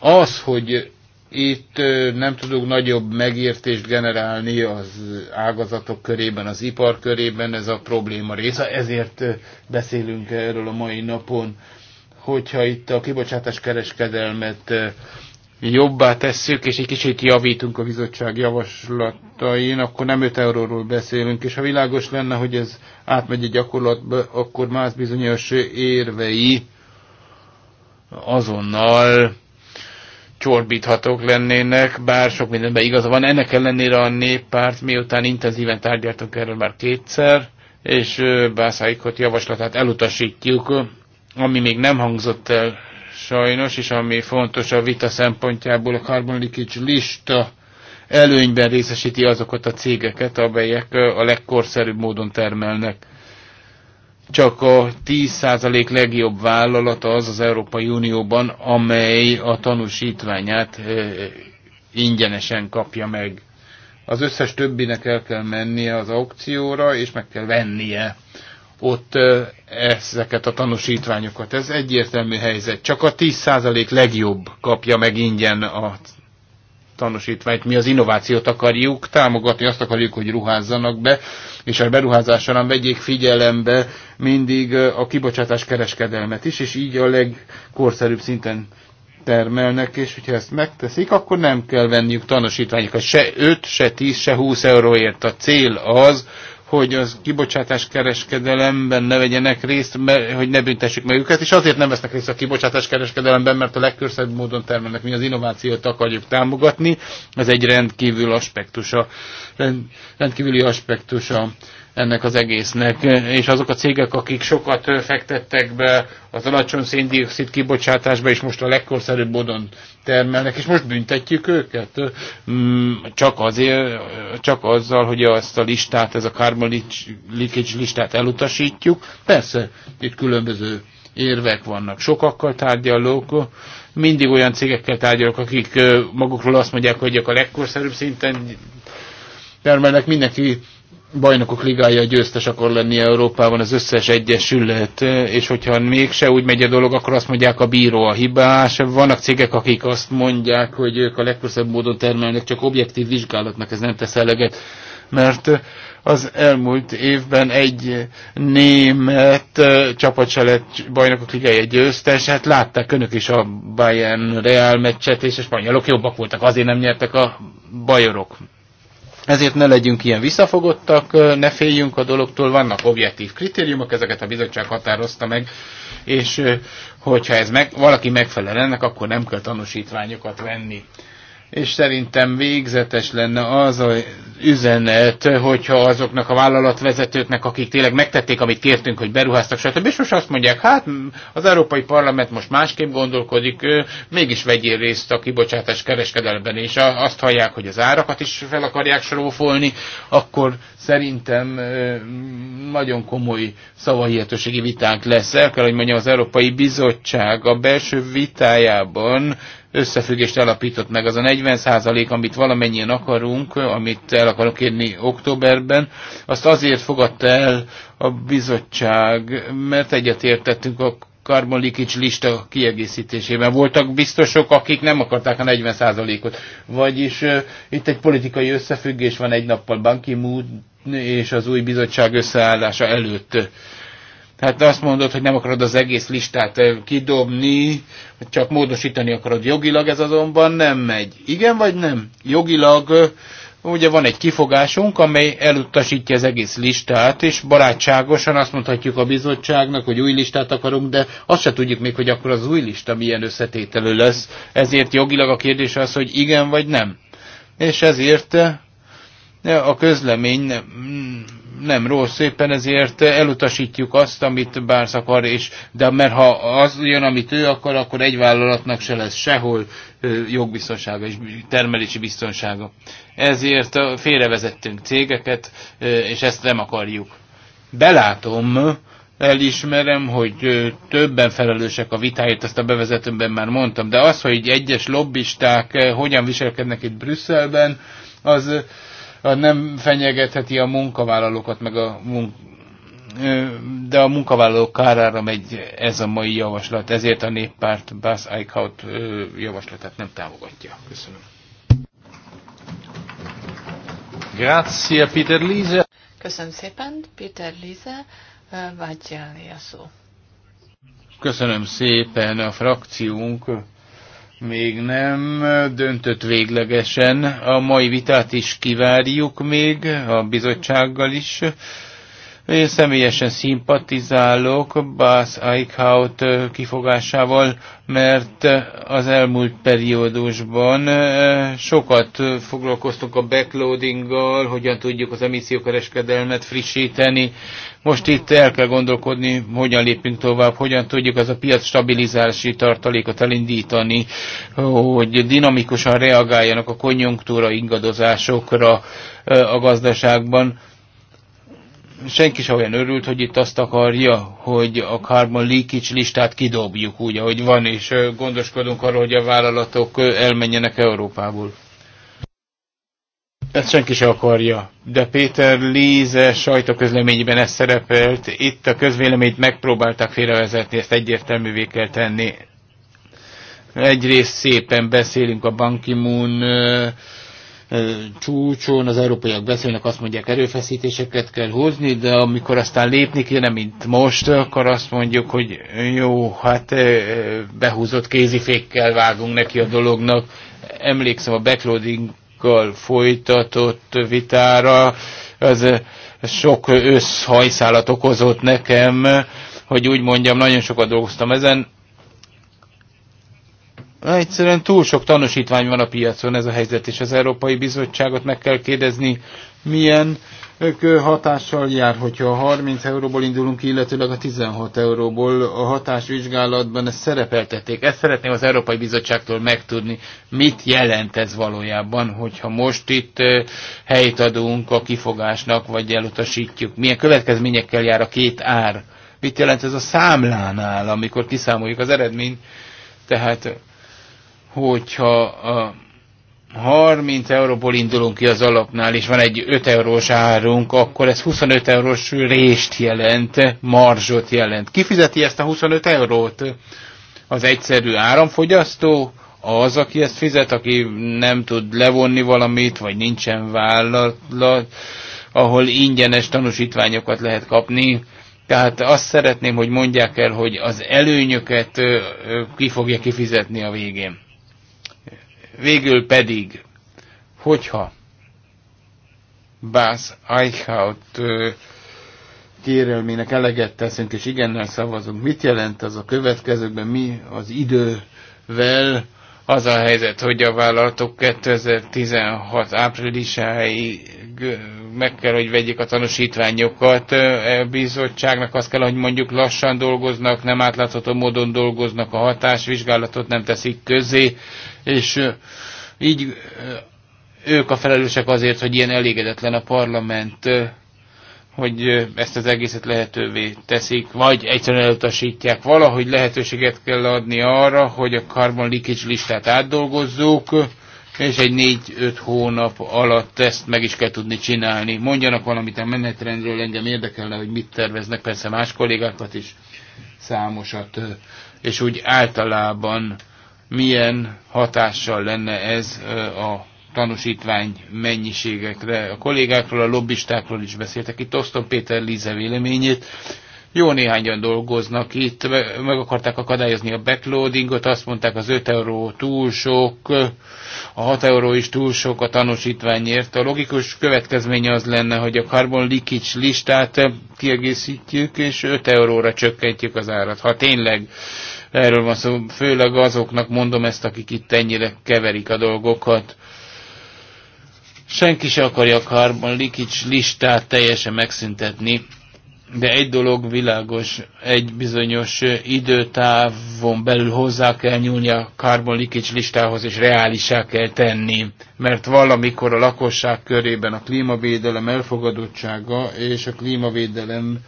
Speaker 3: Az, hogy itt nem tudunk nagyobb megértést generálni az ágazatok körében, az ipar körében, ez a probléma része, ezért beszélünk erről a mai napon. Hogyha itt a kibocsátás kereskedelmet jobbá tesszük, és egy kicsit javítunk a bizottság javaslatain, akkor nem 5 euróról beszélünk, és ha világos lenne, hogy ez átmegy a gyakorlatba, akkor más bizonyos érvei azonnal csorbíthatók lennének, bár sok mindenben igaza van. Ennek ellenére a néppárt miután intenzíven tárgyaltunk erről már kétszer, és Bászáikot javaslatát elutasítjuk, ami még nem hangzott el sajnos, és ami fontos a vita szempontjából, a Carbon Leakage lista előnyben részesíti azokat a cégeket, amelyek a legkorszerűbb módon termelnek csak a 10% legjobb vállalata az az Európai Unióban, amely a tanúsítványát ingyenesen kapja meg. Az összes többinek el kell mennie az aukcióra, és meg kell vennie ott ezeket a tanúsítványokat. Ez egyértelmű helyzet. Csak a 10% legjobb kapja meg ingyen a tanúsítványt. Mi az innovációt akarjuk támogatni, azt akarjuk, hogy ruházzanak be, és a beruházás során vegyék figyelembe mindig a kibocsátás kereskedelmet is, és így a legkorszerűbb szinten termelnek, és hogyha ezt megteszik, akkor nem kell venniük tanúsítványokat, se 5, se 10, se 20 euróért. A cél az, hogy az kibocsátás kereskedelemben ne vegyenek részt, hogy ne büntessük meg őket, és azért nem vesznek részt a kibocsátás kereskedelemben, mert a legkörszebb módon termelnek. Mi az innovációt akarjuk támogatni, ez egy rendkívül aspektusa, rend, rendkívüli aspektusa ennek az egésznek, és azok a cégek, akik sokat fektettek be az alacsony széndiokszid kibocsátásba, és most a legkorszerűbb bodon termelnek, és most büntetjük őket, mm, csak, azért, csak azzal, hogy ezt a listát, ez a carbon leakage listát elutasítjuk. Persze, itt különböző érvek vannak. Sokakkal tárgyalok, mindig olyan cégekkel tárgyalok, akik magukról azt mondják, hogy a legkorszerűbb szinten termelnek, mindenki bajnokok ligája győztes akar lenni Európában az összes egyesület, és hogyha mégse úgy megy a dolog, akkor azt mondják a bíró a hibás. Vannak cégek, akik azt mondják, hogy ők a legközelebb módon termelnek, csak objektív vizsgálatnak ez nem tesz eleget, mert az elmúlt évben egy német csapat se lett bajnokok ligája győztes, hát látták önök is a Bayern Real meccset, és a spanyolok jobbak voltak, azért nem nyertek a bajorok. Ezért ne legyünk ilyen visszafogottak, ne féljünk a dologtól, vannak objektív kritériumok, ezeket a bizottság határozta meg, és hogyha ez meg, valaki megfelel ennek, akkor nem kell tanúsítványokat venni és szerintem végzetes lenne az a üzenet, hogyha azoknak a vállalatvezetőknek, akik tényleg megtették, amit kértünk, hogy beruháztak, stb. És most azt mondják, hát az Európai Parlament most másképp gondolkodik, mégis vegyél részt a kibocsátás kereskedelben, és azt hallják, hogy az árakat is fel akarják srófolni, akkor szerintem nagyon komoly szavahihetőségi vitánk lesz. El kell, hogy mondjam, az Európai Bizottság a belső vitájában összefüggést alapított meg. Az a 40 százalék, amit valamennyien akarunk, amit el akarok érni októberben, azt azért fogadta el a bizottság, mert egyetértettünk a Carbon Leakage lista kiegészítésében. Voltak biztosok, akik nem akarták a 40%-ot. Vagyis itt egy politikai összefüggés van egy nappal banki ki és az új bizottság összeállása előtt. Tehát azt mondod, hogy nem akarod az egész listát eh, kidobni, csak módosítani akarod jogilag, ez azonban nem megy. Igen vagy nem? Jogilag eh, ugye van egy kifogásunk, amely elutasítja az egész listát, és barátságosan azt mondhatjuk a bizottságnak, hogy új listát akarunk, de azt se tudjuk még, hogy akkor az új lista milyen összetételő lesz. Ezért jogilag a kérdés az, hogy igen vagy nem. És ezért eh, a közlemény nem rossz, éppen ezért elutasítjuk azt, amit Bársz akar, és, de mert ha az jön, amit ő akar, akkor egy vállalatnak se lesz sehol jogbiztonsága és termelési biztonsága. Ezért félrevezettünk cégeket, és ezt nem akarjuk. Belátom, elismerem, hogy többen felelősek a vitáért, ezt a bevezetőmben már mondtam, de az, hogy egyes lobbisták hogyan viselkednek itt Brüsszelben, az nem fenyegetheti a munkavállalókat, meg a munk de a munkavállalók kárára megy ez a mai javaslat, ezért a néppárt Buzz Eichhout javaslatát nem támogatja. Köszönöm. Grazie, Peter Lise.
Speaker 2: Köszönöm szépen, Peter Lise, vagy a szó.
Speaker 3: Köszönöm szépen a frakciónk még nem döntött véglegesen. A mai vitát is kivárjuk még, a bizottsággal is, én személyesen szimpatizálok Bas Eichhout kifogásával, mert az elmúlt periódusban sokat foglalkoztunk a backloadinggal, hogyan tudjuk az emissziókereskedelmet frissíteni. Most itt el kell gondolkodni, hogyan lépünk tovább, hogyan tudjuk az a piac stabilizálási tartalékot elindítani, hogy dinamikusan reagáljanak a konjunktúra ingadozásokra a gazdaságban senki sem olyan örült, hogy itt azt akarja, hogy a carbon leakage listát kidobjuk úgy, ahogy van, és gondoskodunk arról, hogy a vállalatok elmenjenek Európából. Ezt senki sem akarja. De Péter Líze sajtóközleményben ez szerepelt. Itt a közvéleményt megpróbálták félrevezetni, ezt egyértelművé kell tenni. Egyrészt szépen beszélünk a Ban moon csúcson az európaiak beszélnek, azt mondják, erőfeszítéseket kell hozni, de amikor aztán lépni kéne, mint most, akkor azt mondjuk, hogy jó, hát behúzott kézifékkel vágunk neki a dolognak. Emlékszem a backloadinggal folytatott vitára, ez sok összhajszálat okozott nekem, hogy úgy mondjam, nagyon sokat dolgoztam ezen, Egyszerűen túl sok tanúsítvány van a piacon ez a helyzet, és az Európai Bizottságot meg kell kérdezni, milyen hatással jár, hogyha a 30 euróból indulunk illetőleg a 16 euróból a hatásvizsgálatban ezt szerepeltették. Ezt szeretném az Európai Bizottságtól megtudni, mit jelent ez valójában, hogyha most itt helyt adunk a kifogásnak, vagy elutasítjuk. Milyen következményekkel jár a két ár? Mit jelent ez a számlánál, amikor kiszámoljuk az eredményt? Tehát hogyha a 30 euróból indulunk ki az alapnál, és van egy 5 eurós árunk, akkor ez 25 eurós rést jelent, marzsot jelent. Kifizeti ezt a 25 eurót? Az egyszerű áramfogyasztó, az, aki ezt fizet, aki nem tud levonni valamit, vagy nincsen vállalat, ahol ingyenes tanúsítványokat lehet kapni. Tehát azt szeretném, hogy mondják el, hogy az előnyöket ki fogja kifizetni a végén. Végül pedig, hogyha Bász Eichhout kérelmének eleget teszünk, és igennel szavazunk. Mit jelent az a következőkben? Mi az idővel az a helyzet, hogy a vállalatok 2016 áprilisáig meg kell, hogy vegyék a tanúsítványokat. A e, bizottságnak azt kell, hogy mondjuk lassan dolgoznak, nem átlátható módon dolgoznak, a hatásvizsgálatot nem teszik közé, és így ők a felelősek azért, hogy ilyen elégedetlen a parlament, hogy ezt az egészet lehetővé teszik, vagy egyszerűen elutasítják. Valahogy lehetőséget kell adni arra, hogy a carbon leakage listát átdolgozzuk, és egy négy-öt hónap alatt ezt meg is kell tudni csinálni. Mondjanak valamit a menetrendről, engem érdekelne, hogy mit terveznek, persze más kollégákat is, számosat, és úgy általában milyen hatással lenne ez a tanúsítvány mennyiségekre. A kollégákról, a lobbistákról is beszéltek. Itt osztom Péter Líze véleményét. Jó néhányan dolgoznak itt, meg akarták akadályozni a backloadingot, azt mondták az 5 euró túl sok, a 6 euró is túl sok a tanúsítványért. A logikus következménye az lenne, hogy a carbon leakage listát kiegészítjük, és 5 euróra csökkentjük az árat. Ha tényleg erről van szó, főleg azoknak mondom ezt, akik itt ennyire keverik a dolgokat, senki se akarja a carbon leakage listát teljesen megszüntetni de egy dolog világos, egy bizonyos időtávon belül hozzá kell nyúlni a carbon leakage listához, és reálisá kell tenni, mert valamikor a lakosság körében a klímavédelem elfogadottsága és a klímavédelem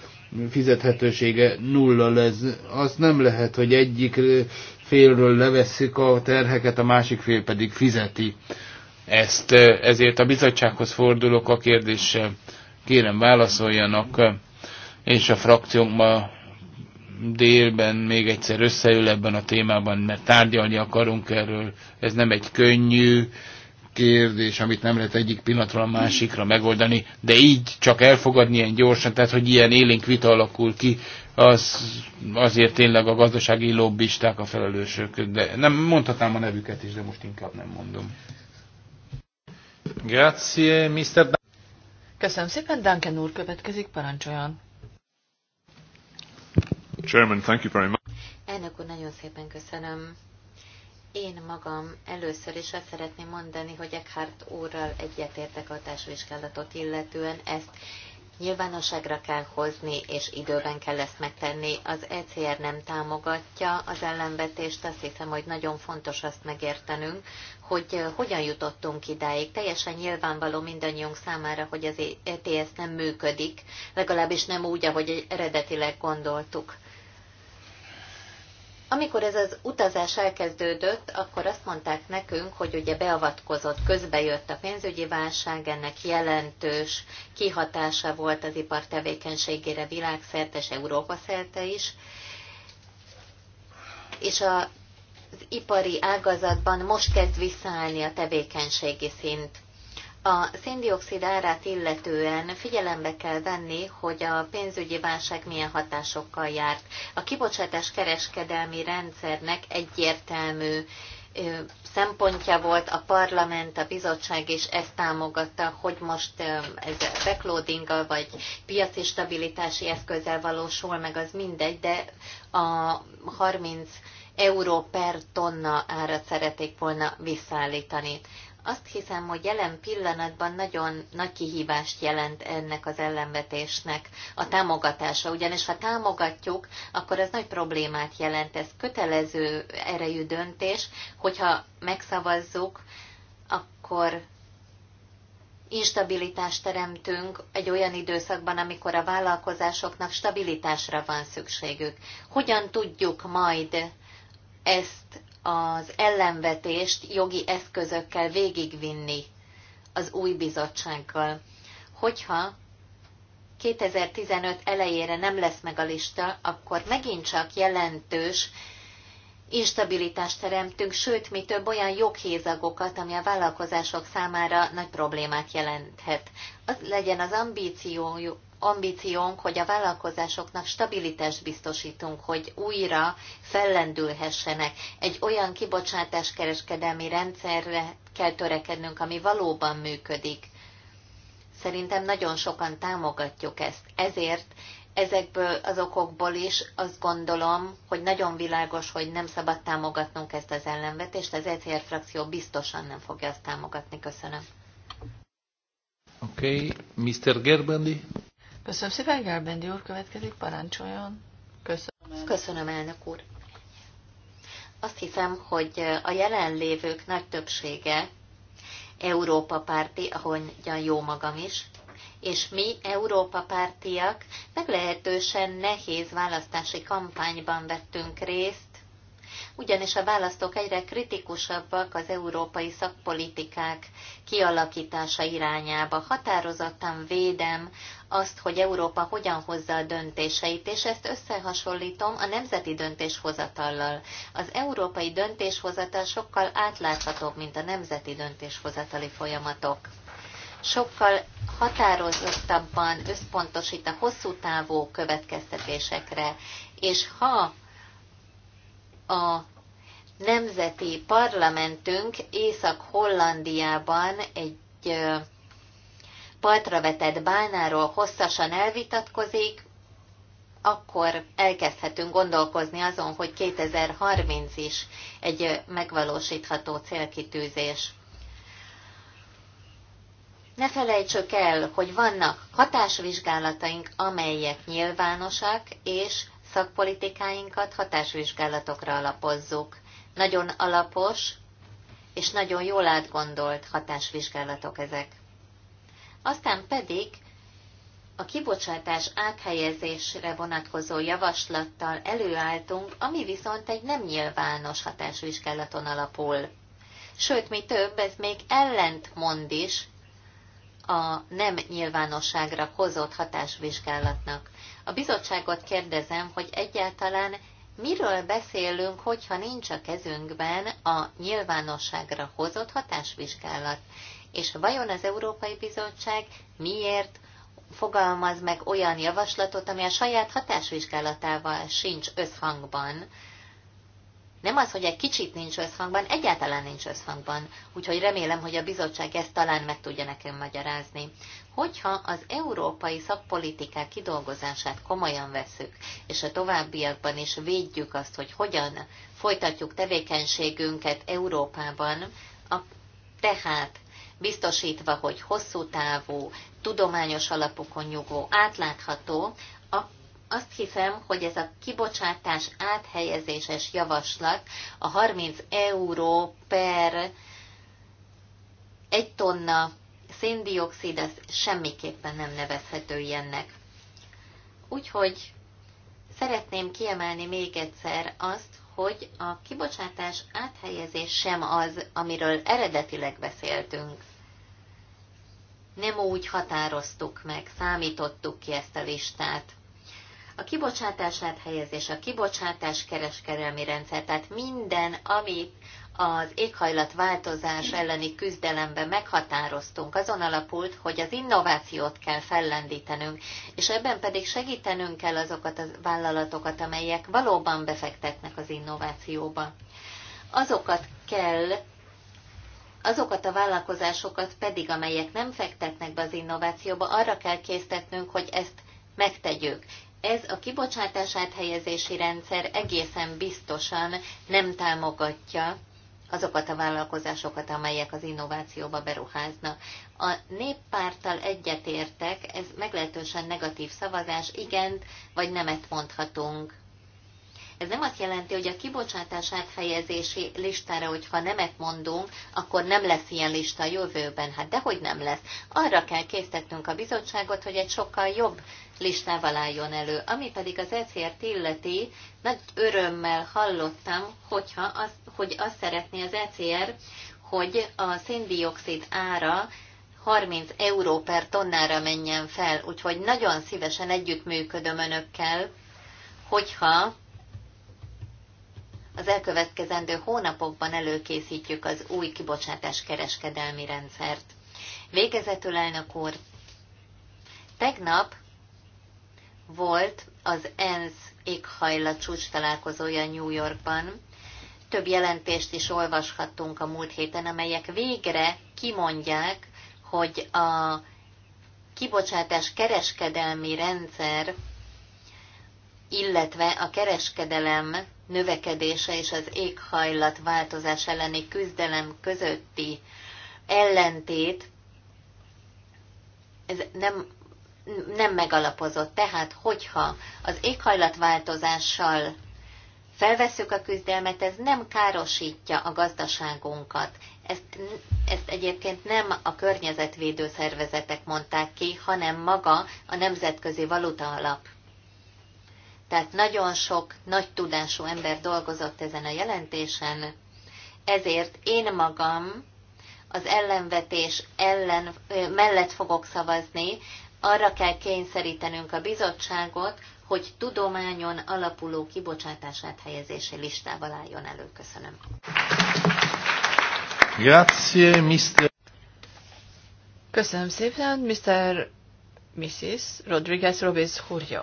Speaker 3: fizethetősége nulla lesz. az nem lehet, hogy egyik félről levesszük a terheket, a másik fél pedig fizeti ezt. Ezért a bizottsághoz fordulok a kérdéssel. Kérem, válaszoljanak és a frakciónk ma délben még egyszer összeül ebben a témában, mert tárgyalni akarunk erről. Ez nem egy könnyű kérdés, amit nem lehet egyik pillanatról a másikra megoldani, de így csak elfogadni ilyen gyorsan, tehát hogy ilyen élénk vita alakul ki, az, azért tényleg a gazdasági lobbisták a felelősök, de nem mondhatnám a nevüket is, de most inkább nem mondom. Grazie, Mr.
Speaker 2: Köszönöm szépen, Duncan úr következik, parancsoljon.
Speaker 1: Chairman, thank you very much. Elnök úr, nagyon szépen köszönöm. Én magam először is azt szeretném mondani, hogy Eckhart úrral egyetértek a társvizsgálatot illetően. Ezt nyilvánosságra kell hozni, és időben kell ezt megtenni. Az ECR nem támogatja az ellenvetést, azt hiszem, hogy nagyon fontos azt megértenünk, hogy eh, hogyan jutottunk idáig. Teljesen nyilvánvaló mindannyiunk számára, hogy az ETS nem működik, legalábbis nem úgy, ahogy eredetileg gondoltuk. Amikor ez az utazás elkezdődött, akkor azt mondták nekünk, hogy ugye beavatkozott, közbejött a pénzügyi válság, ennek jelentős kihatása volt az ipar tevékenységére világszerte és Európa szerte is, és a, az ipari ágazatban most kezd visszaállni a tevékenységi szint. A széndiokszid árát illetően figyelembe kell venni, hogy a pénzügyi válság milyen hatásokkal járt. A kibocsátás kereskedelmi rendszernek egyértelmű szempontja volt a parlament, a bizottság is ezt támogatta, hogy most ez backloading vagy piaci stabilitási eszközzel valósul meg, az mindegy, de a 30 euró per tonna árat szerették volna visszaállítani. Azt hiszem, hogy jelen pillanatban nagyon nagy kihívást jelent ennek az ellenvetésnek a támogatása, ugyanis ha támogatjuk, akkor ez nagy problémát jelent. Ez kötelező erejű döntés, hogyha megszavazzuk, akkor instabilitást teremtünk egy olyan időszakban, amikor a vállalkozásoknak stabilitásra van szükségük. Hogyan tudjuk majd ezt az ellenvetést jogi eszközökkel végigvinni az új bizottsággal. Hogyha 2015 elejére nem lesz meg a lista, akkor megint csak jelentős instabilitást teremtünk, sőt, mi több olyan joghézagokat, ami a vállalkozások számára nagy problémát jelenthet. Az legyen az ambíciójuk ambíciónk, hogy a vállalkozásoknak stabilitást biztosítunk, hogy újra fellendülhessenek. Egy olyan kibocsátáskereskedelmi rendszerre kell törekednünk, ami valóban működik. Szerintem nagyon sokan támogatjuk ezt. Ezért ezekből az okokból is azt gondolom, hogy nagyon világos, hogy nem szabad támogatnunk ezt az ellenvetést, az ECR frakció biztosan nem fogja ezt támogatni. Köszönöm.
Speaker 3: Oké, okay. Mr. Gerbendi.
Speaker 2: Köszönöm szépen, Gárbendi úr következik, parancsoljon.
Speaker 1: Köszönöm. Köszönöm, elnök úr. Azt hiszem, hogy a jelenlévők nagy többsége Európa párti, ahogyan jó magam is, és mi, Európa pártiak, meglehetősen nehéz választási kampányban vettünk részt, ugyanis a választók egyre kritikusabbak az európai szakpolitikák kialakítása irányába. Határozottan védem azt, hogy Európa hogyan hozza a döntéseit, és ezt összehasonlítom a nemzeti döntéshozatallal. Az európai döntéshozatal sokkal átláthatóbb, mint a nemzeti döntéshozatali folyamatok sokkal határozottabban összpontosít a hosszú távú következtetésekre, és ha a nemzeti parlamentünk Észak-Hollandiában egy partra vetett bánáról hosszasan elvitatkozik, akkor elkezdhetünk gondolkozni azon, hogy 2030 is egy megvalósítható célkitűzés. Ne felejtsük el, hogy vannak hatásvizsgálataink, amelyek nyilvánosak, és szakpolitikáinkat hatásvizsgálatokra alapozzuk. Nagyon alapos és nagyon jól átgondolt hatásvizsgálatok ezek. Aztán pedig a kibocsátás áthelyezésre vonatkozó javaslattal előálltunk, ami viszont egy nem nyilvános hatásvizsgálaton alapul. Sőt, mi több, ez még ellentmond is a nem nyilvánosságra hozott hatásvizsgálatnak. A bizottságot kérdezem, hogy egyáltalán miről beszélünk, hogyha nincs a kezünkben a nyilvánosságra hozott hatásvizsgálat, és vajon az Európai Bizottság miért fogalmaz meg olyan javaslatot, ami a saját hatásvizsgálatával sincs összhangban, nem az, hogy egy kicsit nincs összhangban, egyáltalán nincs összhangban, úgyhogy remélem, hogy a bizottság ezt talán meg tudja nekem magyarázni. Hogyha az európai szakpolitikák kidolgozását komolyan veszük, és a továbbiakban is védjük azt, hogy hogyan folytatjuk tevékenységünket Európában, a, tehát biztosítva, hogy hosszú távú, tudományos alapokon nyugó, átlátható, azt hiszem, hogy ez a kibocsátás áthelyezéses javaslat a 30 euró per egy tonna széndiokszid, az semmiképpen nem nevezhető ilyennek. Úgyhogy szeretném kiemelni még egyszer azt, hogy a kibocsátás áthelyezés sem az, amiről eredetileg beszéltünk. Nem úgy határoztuk meg, számítottuk ki ezt a listát a kibocsátás áthelyezés, a kibocsátás kereskedelmi rendszer, tehát minden, amit az éghajlatváltozás elleni küzdelemben meghatároztunk, azon alapult, hogy az innovációt kell fellendítenünk, és ebben pedig segítenünk kell azokat a vállalatokat, amelyek valóban befektetnek az innovációba. Azokat kell Azokat a vállalkozásokat pedig, amelyek nem fektetnek be az innovációba, arra kell késztetnünk, hogy ezt megtegyük ez a kibocsátás áthelyezési rendszer egészen biztosan nem támogatja azokat a vállalkozásokat, amelyek az innovációba beruháznak. A néppárttal egyetértek, ez meglehetősen negatív szavazás, igent vagy nemet mondhatunk. Ez nem azt jelenti, hogy a kibocsátás áthelyezési listára, hogyha nemet mondunk, akkor nem lesz ilyen lista a jövőben. Hát dehogy nem lesz. Arra kell késztetnünk a bizottságot, hogy egy sokkal jobb listával álljon elő. Ami pedig az ECR-t illeti, nagy örömmel hallottam, hogyha az, hogy azt szeretné az ECR, hogy a széndiokszid ára 30 euró per tonnára menjen fel, úgyhogy nagyon szívesen együttműködöm önökkel, hogyha az elkövetkezendő hónapokban előkészítjük az új kibocsátás kereskedelmi rendszert. Végezetül, elnök úr, tegnap volt az ENSZ éghajlat csúcs találkozója New Yorkban. Több jelentést is olvashattunk a múlt héten, amelyek végre kimondják, hogy a kibocsátás kereskedelmi rendszer, illetve a kereskedelem növekedése és az éghajlat változás elleni küzdelem közötti ellentét, ez nem, nem megalapozott. Tehát, hogyha az éghajlatváltozással felveszük a küzdelmet, ez nem károsítja a gazdaságunkat. Ezt, ezt egyébként nem a környezetvédő szervezetek mondták ki, hanem maga a Nemzetközi Valuta Alap. Tehát nagyon sok nagy tudású ember dolgozott ezen a jelentésen, ezért én magam az ellenvetés ellen, mellett fogok szavazni, arra kell kényszerítenünk a bizottságot, hogy tudományon alapuló kibocsátását helyezési listával álljon elő. Köszönöm.
Speaker 3: Grazie, Mr.
Speaker 2: Köszönöm szépen, Mr. Mrs. Rodriguez Robes Hurjo.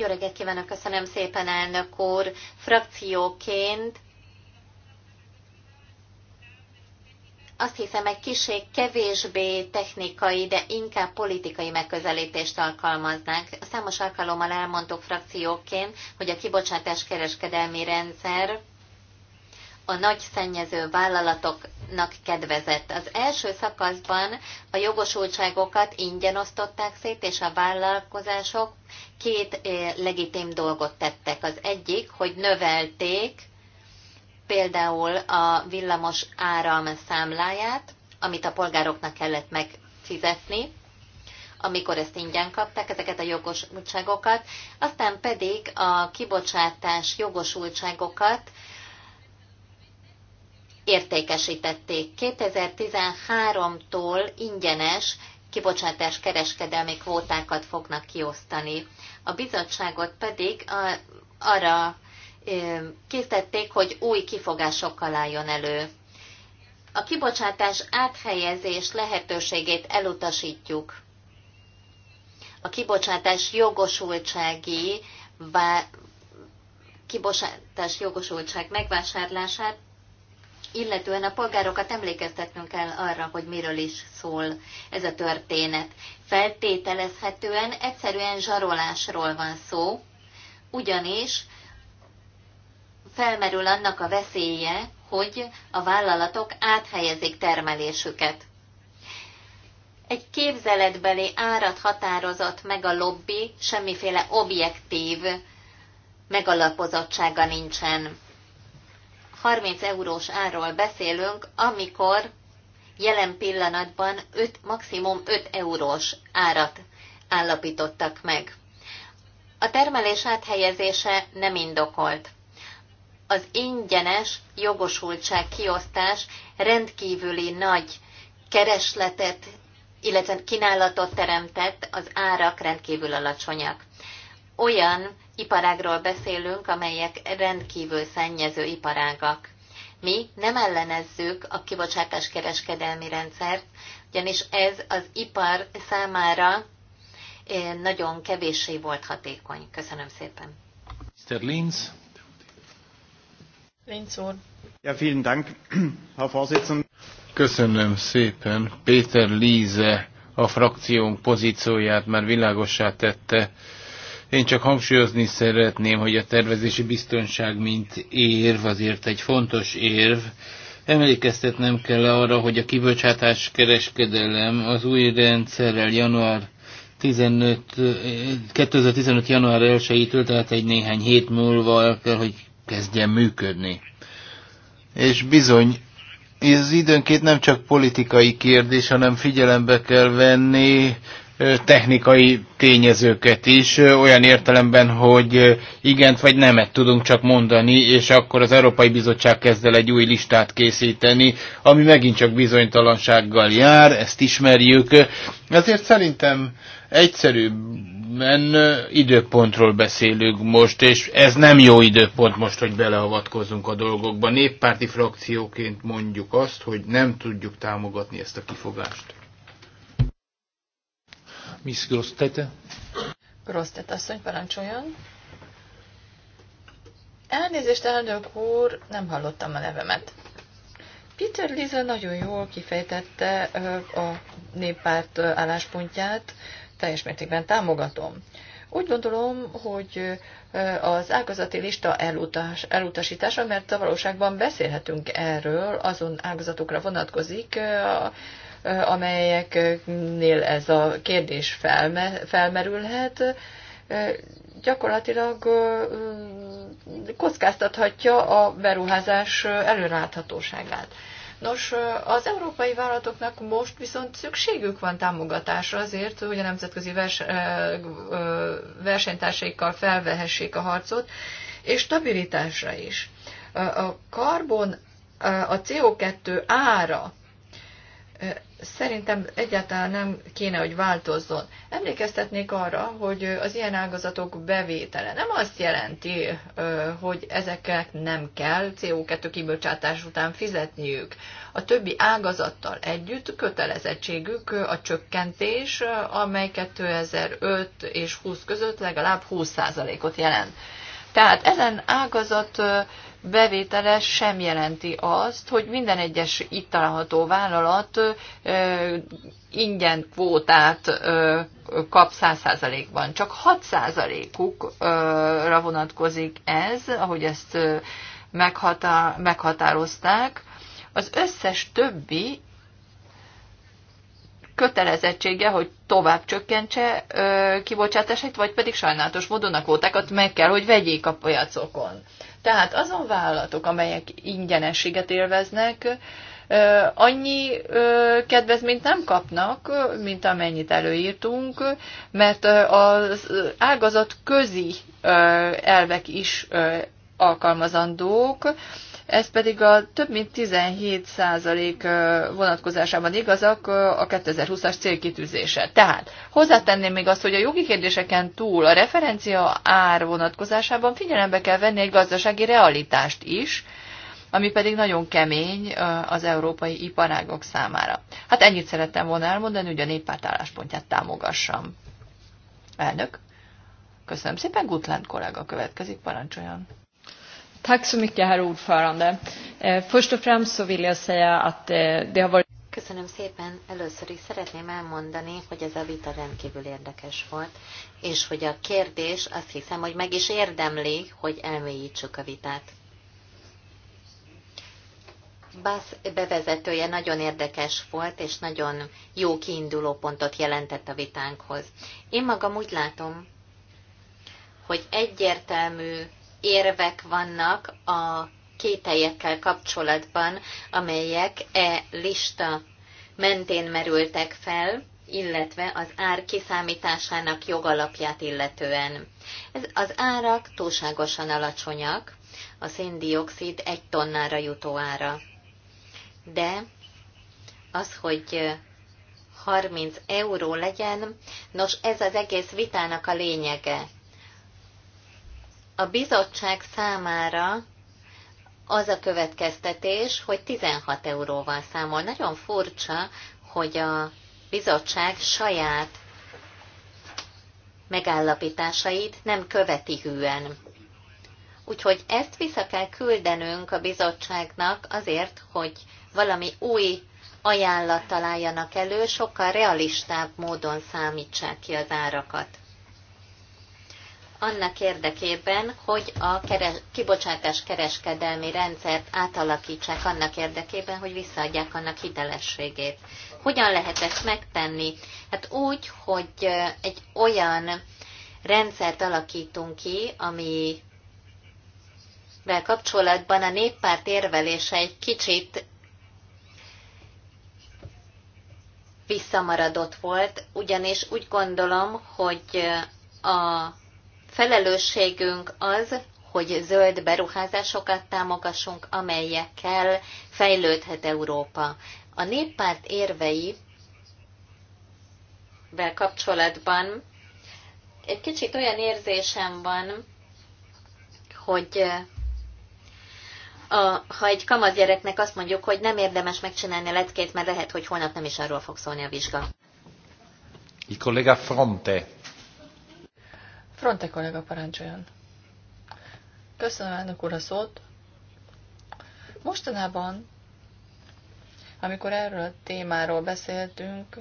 Speaker 1: Jó reggelt kívánok, köszönöm szépen, elnök úr. Frakcióként azt hiszem egy kiség kevésbé technikai, de inkább politikai megközelítést alkalmaznánk. Számos alkalommal elmondtuk frakcióként, hogy a kibocsátás kereskedelmi rendszer a nagy szennyező vállalatoknak kedvezett. Az első szakaszban a jogosultságokat ingyen osztották szét, és a vállalkozások két eh, legitim dolgot tettek. Az egyik, hogy növelték például a villamos áram számláját, amit a polgároknak kellett megfizetni, amikor ezt ingyen kapták, ezeket a jogosultságokat, aztán pedig a kibocsátás jogosultságokat értékesítették. 2013-tól ingyenes kibocsátás kereskedelmi kvótákat fognak kiosztani. A bizottságot pedig a, arra készítették, hogy új kifogásokkal álljon elő. A kibocsátás áthelyezés lehetőségét elutasítjuk. A kibocsátás jogosultsági kibocsátás jogosultság megvásárlását illetően a polgárokat emlékeztetnünk kell arra, hogy miről is szól ez a történet. Feltételezhetően egyszerűen zsarolásról van szó, ugyanis felmerül annak a veszélye, hogy a vállalatok áthelyezik termelésüket. Egy képzeletbeli árat határozott meg a lobby, semmiféle objektív megalapozottsága nincsen. 30 eurós árról beszélünk, amikor jelen pillanatban 5, maximum 5 eurós árat állapítottak meg. A termelés áthelyezése nem indokolt. Az ingyenes jogosultság kiosztás rendkívüli nagy keresletet, illetve kínálatot teremtett, az árak rendkívül alacsonyak. Olyan iparágról beszélünk, amelyek rendkívül szennyező iparágak. Mi nem ellenezzük a kibocsátás kereskedelmi rendszert, ugyanis ez az ipar számára eh, nagyon kevéssé volt hatékony. Köszönöm szépen.
Speaker 3: Mr. Linz. Linz úr. Ja, vielen Dank, Herr Vorsitzend. Köszönöm szépen. Péter Líze a frakciónk pozícióját már világossá tette én csak hangsúlyozni szeretném, hogy a tervezési biztonság mint érv azért egy fontos érv. Emlékeztetnem kell arra, hogy a kibocsátás kereskedelem az új rendszerrel január 15, 2015. január 1-től, tehát egy néhány hét múlva kell, hogy kezdjen működni. És bizony, ez időnként nem csak politikai kérdés, hanem figyelembe kell venni technikai tényezőket is, olyan értelemben, hogy igent vagy nemet tudunk csak mondani, és akkor az Európai Bizottság kezd el egy új listát készíteni, ami megint csak bizonytalansággal jár, ezt ismerjük. Ezért szerintem egyszerűbben időpontról beszélünk most, és ez nem jó időpont most, hogy beleavatkozunk a dolgokba. Néppárti frakcióként mondjuk azt, hogy nem tudjuk támogatni ezt a kifogást. Miss Grosztete.
Speaker 2: Grosztete asszony, parancsoljon. Elnézést, elnök úr, nem hallottam a nevemet. Peter Liza nagyon jól kifejtette a néppárt álláspontját, teljes mértékben támogatom. Úgy gondolom, hogy az ágazati lista elutas, elutasítása, mert a valóságban beszélhetünk erről, azon ágazatokra vonatkozik, amelyeknél ez a kérdés felme, felmerülhet, gyakorlatilag kockáztathatja a beruházás előráthatóságát. Nos, az európai vállalatoknak most viszont szükségük van támogatásra azért, hogy a nemzetközi vers, versenytársaikkal felvehessék a harcot, és stabilitásra is. A karbon, a CO2 ára szerintem egyáltalán nem kéne, hogy változzon. Emlékeztetnék arra, hogy az ilyen ágazatok bevétele nem azt jelenti, hogy ezeket nem kell CO2 kibocsátás után fizetniük. A többi ágazattal együtt kötelezettségük a csökkentés, amely 2005 és 20 között legalább 20%-ot jelent. Tehát ezen ágazat bevétele sem jelenti azt, hogy minden egyes itt található vállalat ingyen kvótát kap 100%-ban. Csak 6%-ukra vonatkozik ez, ahogy ezt meghatározták. Az összes többi kötelezettsége, hogy tovább csökkentse ö, kibocsátásait, vagy pedig sajnálatos módon a kvótákat meg kell, hogy vegyék a piacokon. Tehát azon vállalatok, amelyek ingyenességet élveznek, ö, annyi ö, kedvezményt nem kapnak, mint amennyit előírtunk, mert az ágazat közi ö, elvek is ö, alkalmazandók, ez pedig a több mint 17% vonatkozásában igazak a 2020-as célkitűzése. Tehát hozzátenném még azt, hogy a jogi kérdéseken túl a referencia ár vonatkozásában figyelembe kell venni egy gazdasági realitást is, ami pedig nagyon kemény az európai iparágok számára. Hát ennyit szerettem volna elmondani, hogy a néppárt álláspontját támogassam. Elnök, köszönöm szépen, Gutland kollega következik, parancsoljon. Tack så mycket, herr ordförande. Eh, först och främst så vill jag säga att eh, det har varit...
Speaker 1: Köszönöm szépen. Először is szeretném elmondani, hogy ez a vita rendkívül érdekes volt, és hogy a kérdés azt hiszem, hogy meg is érdemli, hogy elmélyítsük a vitát. Bász bevezetője nagyon érdekes volt, és nagyon jó kiinduló pontot jelentett a vitánkhoz. Én magam úgy látom, hogy egyértelmű érvek vannak a kételyekkel kapcsolatban, amelyek e lista mentén merültek fel, illetve az ár kiszámításának jogalapját illetően. Ez, az árak túlságosan alacsonyak, a széndiokszid egy tonnára jutó ára. De az, hogy 30 euró legyen, nos ez az egész vitának a lényege a bizottság számára az a következtetés, hogy 16 euróval számol. Nagyon furcsa, hogy a bizottság saját megállapításait nem követi hűen. Úgyhogy ezt vissza kell küldenünk a bizottságnak azért, hogy valami új ajánlat találjanak elő, sokkal realistább módon számítsák ki az árakat annak érdekében, hogy a keres, kibocsátás kereskedelmi rendszert átalakítsák annak érdekében, hogy visszaadják annak hitelességét. Hogyan lehet ezt megtenni? Hát úgy, hogy egy olyan rendszert alakítunk ki, ami kapcsolatban a néppárt érvelése egy kicsit visszamaradott volt, ugyanis úgy gondolom, hogy a Felelősségünk az, hogy zöld beruházásokat támogassunk, amelyekkel fejlődhet Európa. A néppárt érvei, kapcsolatban egy kicsit olyan érzésem van, hogy a, ha egy kamasz gyereknek azt mondjuk, hogy nem érdemes megcsinálni a leckét, mert lehet, hogy holnap nem is arról fog szólni a vizsga.
Speaker 3: Il collega Fronte.
Speaker 2: Fronte kollega parancsoljon. Köszönöm elnök úr a szót. Mostanában, amikor erről a témáról beszéltünk,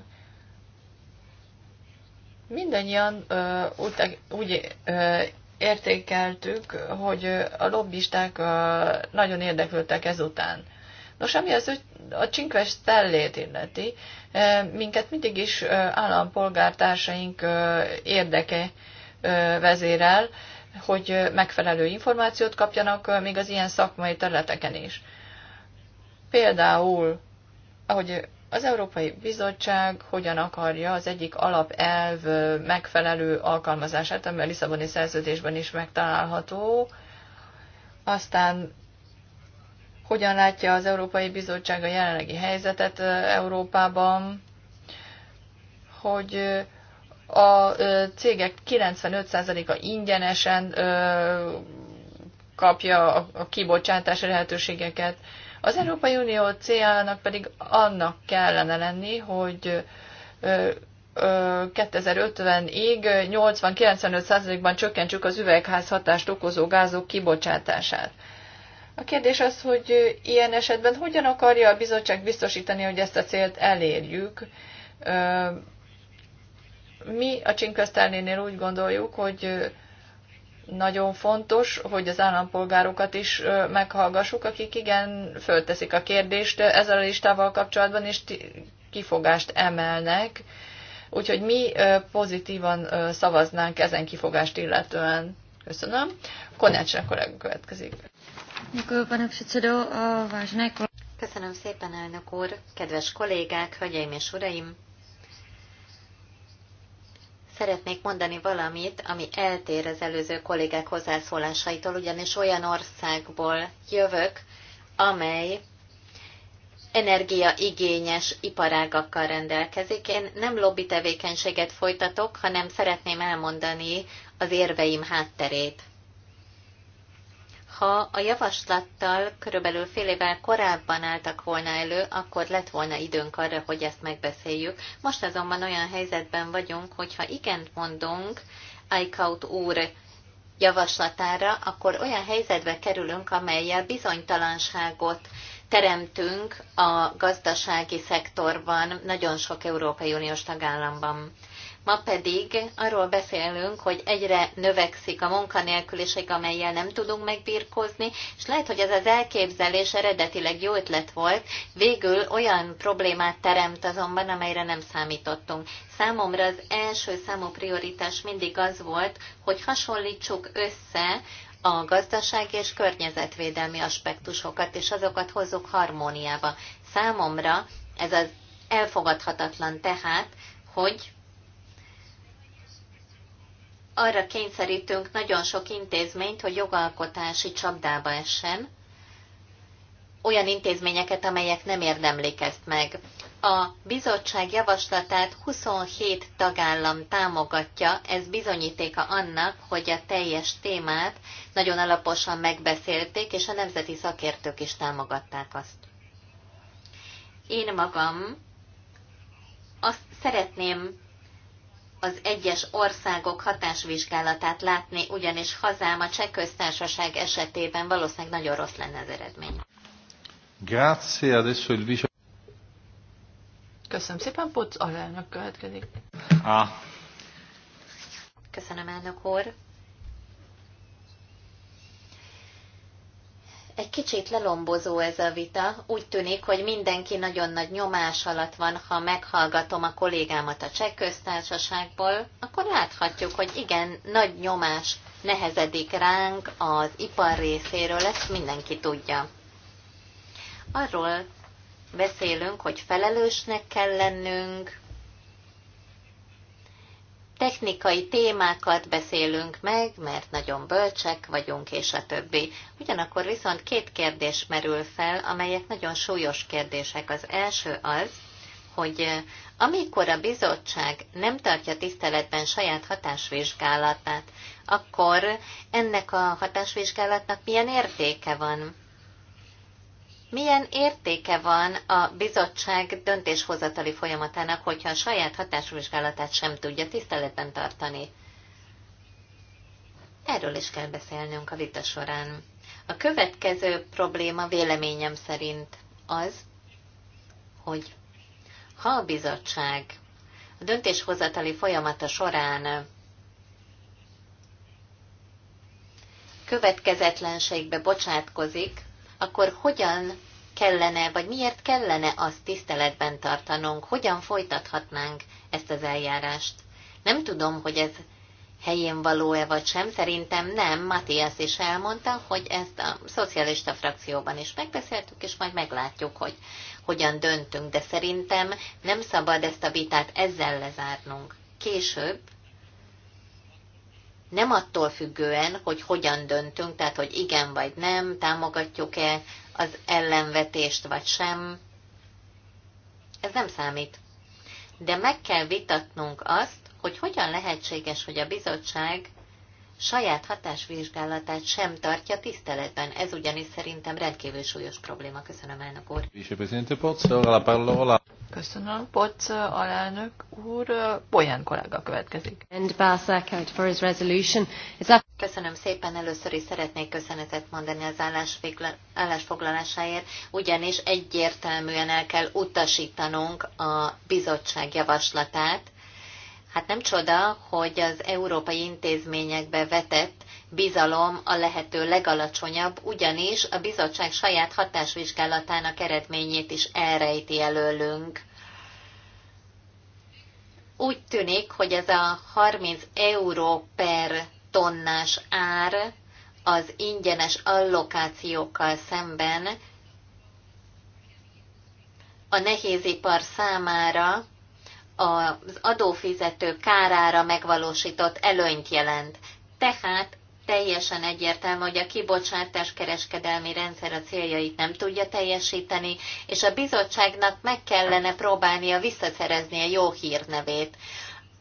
Speaker 2: mindannyian ö, úgy, úgy ö, értékeltük, hogy a lobbisták ö, nagyon érdeklődtek ezután. Nos, ami az a csinkves stellét illeti, minket mindig is állampolgártársaink érdeke vezérel, hogy megfelelő információt kapjanak még az ilyen szakmai területeken is. Például, ahogy az Európai Bizottság hogyan akarja az egyik alapelv megfelelő alkalmazását, ami a Lisszaboni szerződésben is megtalálható, aztán hogyan látja az Európai Bizottság a jelenlegi helyzetet Európában, hogy a cégek 95%-a ingyenesen kapja a kibocsátás lehetőségeket. Az Európai Unió céljának pedig annak kellene lenni, hogy 2050-ig 80-95%-ban csökkentsük az üvegházhatást okozó gázok kibocsátását. A kérdés az, hogy ilyen esetben hogyan akarja a bizottság biztosítani, hogy ezt a célt elérjük, mi a Csinköztelnénél úgy gondoljuk, hogy nagyon fontos, hogy az állampolgárokat is meghallgassuk, akik igen, fölteszik a kérdést ezzel a listával kapcsolatban, és kifogást emelnek. Úgyhogy mi pozitívan szavaznánk ezen kifogást illetően. Köszönöm. Konácsnak kollega következik.
Speaker 1: Köszönöm szépen, elnök úr, kedves kollégák, hölgyeim és uraim! szeretnék mondani valamit, ami eltér az előző kollégák hozzászólásaitól, ugyanis olyan országból jövök, amely energiaigényes iparágakkal rendelkezik. Én nem lobby tevékenységet folytatok, hanem szeretném elmondani az érveim hátterét ha a javaslattal körülbelül fél évvel korábban álltak volna elő, akkor lett volna időnk arra, hogy ezt megbeszéljük. Most azonban olyan helyzetben vagyunk, hogyha igent mondunk Eichhout úr javaslatára, akkor olyan helyzetbe kerülünk, amelyel bizonytalanságot teremtünk a gazdasági szektorban, nagyon sok Európai Uniós tagállamban. Ma pedig arról beszélünk, hogy egyre növekszik a munkanélküliség, amelyel nem tudunk megbírkozni, és lehet, hogy ez az elképzelés eredetileg jó ötlet volt, végül olyan problémát teremt azonban, amelyre nem számítottunk. Számomra az első számú prioritás mindig az volt, hogy hasonlítsuk össze a gazdasági és környezetvédelmi aspektusokat, és azokat hozzuk harmóniába. Számomra ez az elfogadhatatlan tehát, hogy arra kényszerítünk nagyon sok intézményt, hogy jogalkotási csapdába essen, olyan intézményeket, amelyek nem érdemlik ezt meg. A bizottság javaslatát 27 tagállam támogatja, ez bizonyítéka annak, hogy a teljes témát nagyon alaposan megbeszélték, és a nemzeti szakértők is támogatták azt. Én magam azt szeretném az egyes országok hatásvizsgálatát látni, ugyanis hazám a cseh köztársaság esetében valószínűleg nagyon rossz lenne az eredmény. Köszönöm szépen, Poc alelnök következik. Ah. Köszönöm, elnök úr. Egy kicsit lelombozó ez a vita. Úgy tűnik, hogy mindenki nagyon nagy nyomás alatt van, ha meghallgatom a kollégámat a cseh köztársaságból, akkor láthatjuk, hogy igen, nagy nyomás nehezedik ránk az ipar részéről, ezt mindenki tudja. Arról beszélünk, hogy felelősnek kell lennünk, technikai témákat beszélünk meg, mert nagyon bölcsek vagyunk, és a többi. Ugyanakkor viszont két kérdés merül fel, amelyek nagyon súlyos kérdések. Az első az, hogy eh, amikor a bizottság nem tartja tiszteletben saját hatásvizsgálatát, akkor ennek a hatásvizsgálatnak milyen értéke van? Milyen értéke van a bizottság döntéshozatali folyamatának, hogyha a saját hatásvizsgálatát sem tudja tiszteletben tartani? Erről is kell beszélnünk a vita során. A következő probléma véleményem szerint az, hogy ha a bizottság a döntéshozatali folyamata során következetlenségbe bocsátkozik, akkor hogyan kellene, vagy miért kellene azt tiszteletben tartanunk, hogyan folytathatnánk ezt az eljárást. Nem tudom, hogy ez helyén való-e vagy sem, szerintem nem. Matthias is elmondta, hogy ezt a szocialista frakcióban is megbeszéltük, és majd meglátjuk, hogy hogyan döntünk, de szerintem nem szabad ezt a vitát ezzel lezárnunk. Később nem attól függően, hogy hogyan döntünk, tehát hogy igen vagy nem, támogatjuk-e az ellenvetést vagy sem. Ez nem számít. De meg kell vitatnunk azt, hogy hogyan lehetséges, hogy a bizottság saját hatásvizsgálatát sem tartja tiszteletben. Ez ugyanis szerintem rendkívül súlyos probléma. Köszönöm, elnök úr.
Speaker 2: Köszönöm. Poc alelnök úr, Bolyán kollega következik. And for his resolution.
Speaker 1: Köszönöm szépen, először is szeretnék köszönetet mondani az állásfoglalásáért, ugyanis egyértelműen el kell utasítanunk a bizottság javaslatát. Hát nem csoda, hogy az európai intézményekbe vetett bizalom a lehető legalacsonyabb, ugyanis a bizottság saját hatásvizsgálatának eredményét is elrejti előlünk. Úgy tűnik, hogy ez a 30 euró per tonnás ár az ingyenes allokációkkal szemben a nehézipar számára az adófizető kárára megvalósított előnyt jelent. Tehát teljesen egyértelmű, hogy a kibocsátás kereskedelmi rendszer a céljait nem tudja teljesíteni, és a bizottságnak meg kellene próbálnia visszaszerezni a jó hírnevét.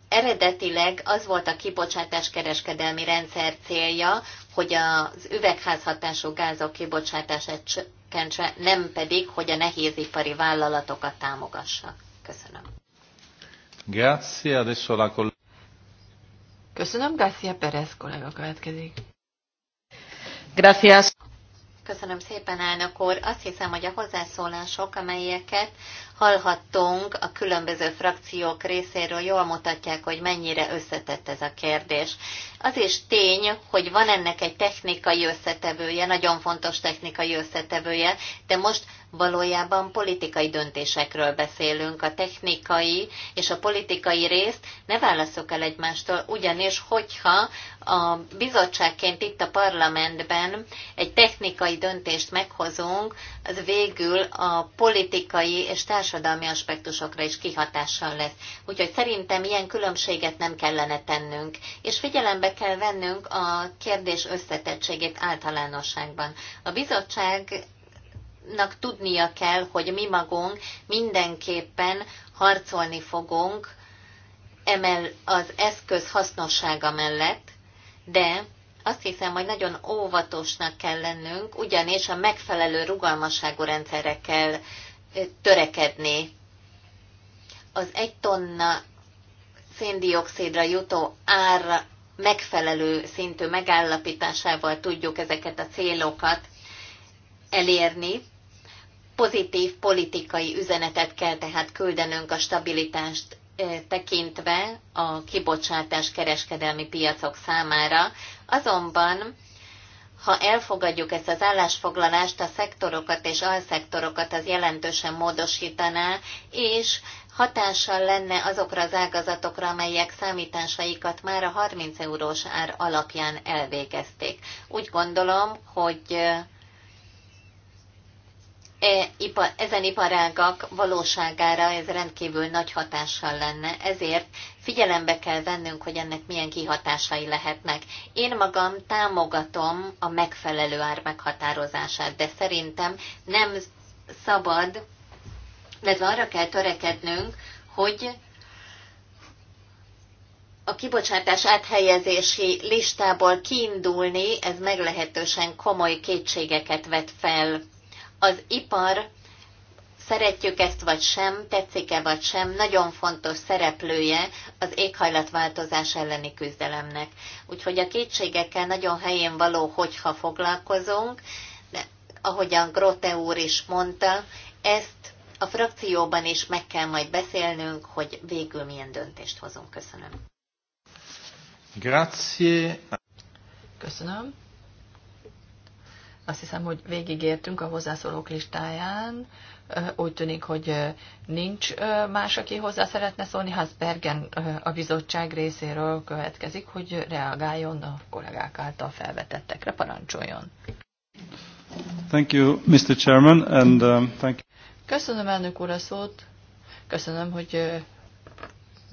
Speaker 1: Eredetileg az volt a kibocsátás kereskedelmi rendszer célja, hogy az üvegházhatású gázok kibocsátását csökkentse, nem pedig, hogy a nehézipari vállalatokat támogassa. Köszönöm.
Speaker 3: Grazie, adesso la
Speaker 2: Köszönöm, Garcia Perez kollega következik.
Speaker 3: Gracias.
Speaker 1: Köszönöm szépen, elnök úr. Azt hiszem, hogy a hozzászólások, amelyeket hallhattunk a különböző frakciók részéről, jól mutatják, hogy mennyire összetett ez a kérdés. Az is tény, hogy van ennek egy technikai összetevője, nagyon fontos technikai összetevője, de most valójában politikai döntésekről beszélünk. A technikai és a politikai részt ne válaszok el egymástól, ugyanis hogyha a bizottságként itt a parlamentben egy technikai döntést meghozunk, az végül a politikai és társadalmi társadalmi aspektusokra is kihatással lesz. Úgyhogy szerintem ilyen különbséget nem kellene tennünk, és figyelembe kell vennünk a kérdés összetettségét általánosságban. A bizottság tudnia kell, hogy mi magunk mindenképpen harcolni fogunk emel az eszköz hasznossága mellett, de azt hiszem, hogy nagyon óvatosnak kell lennünk, ugyanis a megfelelő rugalmasságú rendszerekkel kell törekedni. Az egy tonna széndiokszidra jutó ár megfelelő szintű megállapításával tudjuk ezeket a célokat elérni. Pozitív politikai üzenetet kell tehát küldenünk a stabilitást tekintve a kibocsátás kereskedelmi piacok számára, azonban ha elfogadjuk ezt az állásfoglalást, a szektorokat és alszektorokat az jelentősen módosítaná, és hatással lenne azokra az ágazatokra, amelyek számításaikat már a 30 eurós ár alapján elvégezték. Úgy gondolom, hogy E, ezen iparágak valóságára ez rendkívül nagy hatással lenne, ezért figyelembe kell vennünk, hogy ennek milyen kihatásai lehetnek. Én magam támogatom a megfelelő ár meghatározását, de szerintem nem szabad, illetve arra kell törekednünk, hogy a kibocsátás áthelyezési listából kiindulni, ez meglehetősen komoly kétségeket vet fel az ipar szeretjük ezt vagy sem, tetszik-e vagy sem, nagyon fontos szereplője az éghajlatváltozás elleni küzdelemnek. Úgyhogy a kétségekkel nagyon helyén való, hogyha foglalkozunk, de ahogyan Grote úr is mondta, ezt a frakcióban is meg kell majd beszélnünk, hogy végül milyen döntést hozunk. Köszönöm.
Speaker 3: Grazie.
Speaker 2: Köszönöm. Azt hiszem, hogy végigértünk a hozzászólók listáján. Úgy tűnik, hogy nincs más, aki hozzá szeretne szólni. Hát Bergen a bizottság részéről következik, hogy reagáljon a kollégák által felvetettekre. Parancsoljon. Thank you, Mr. Chairman, and um, thank you. Köszönöm elnök úr a szót. Köszönöm, hogy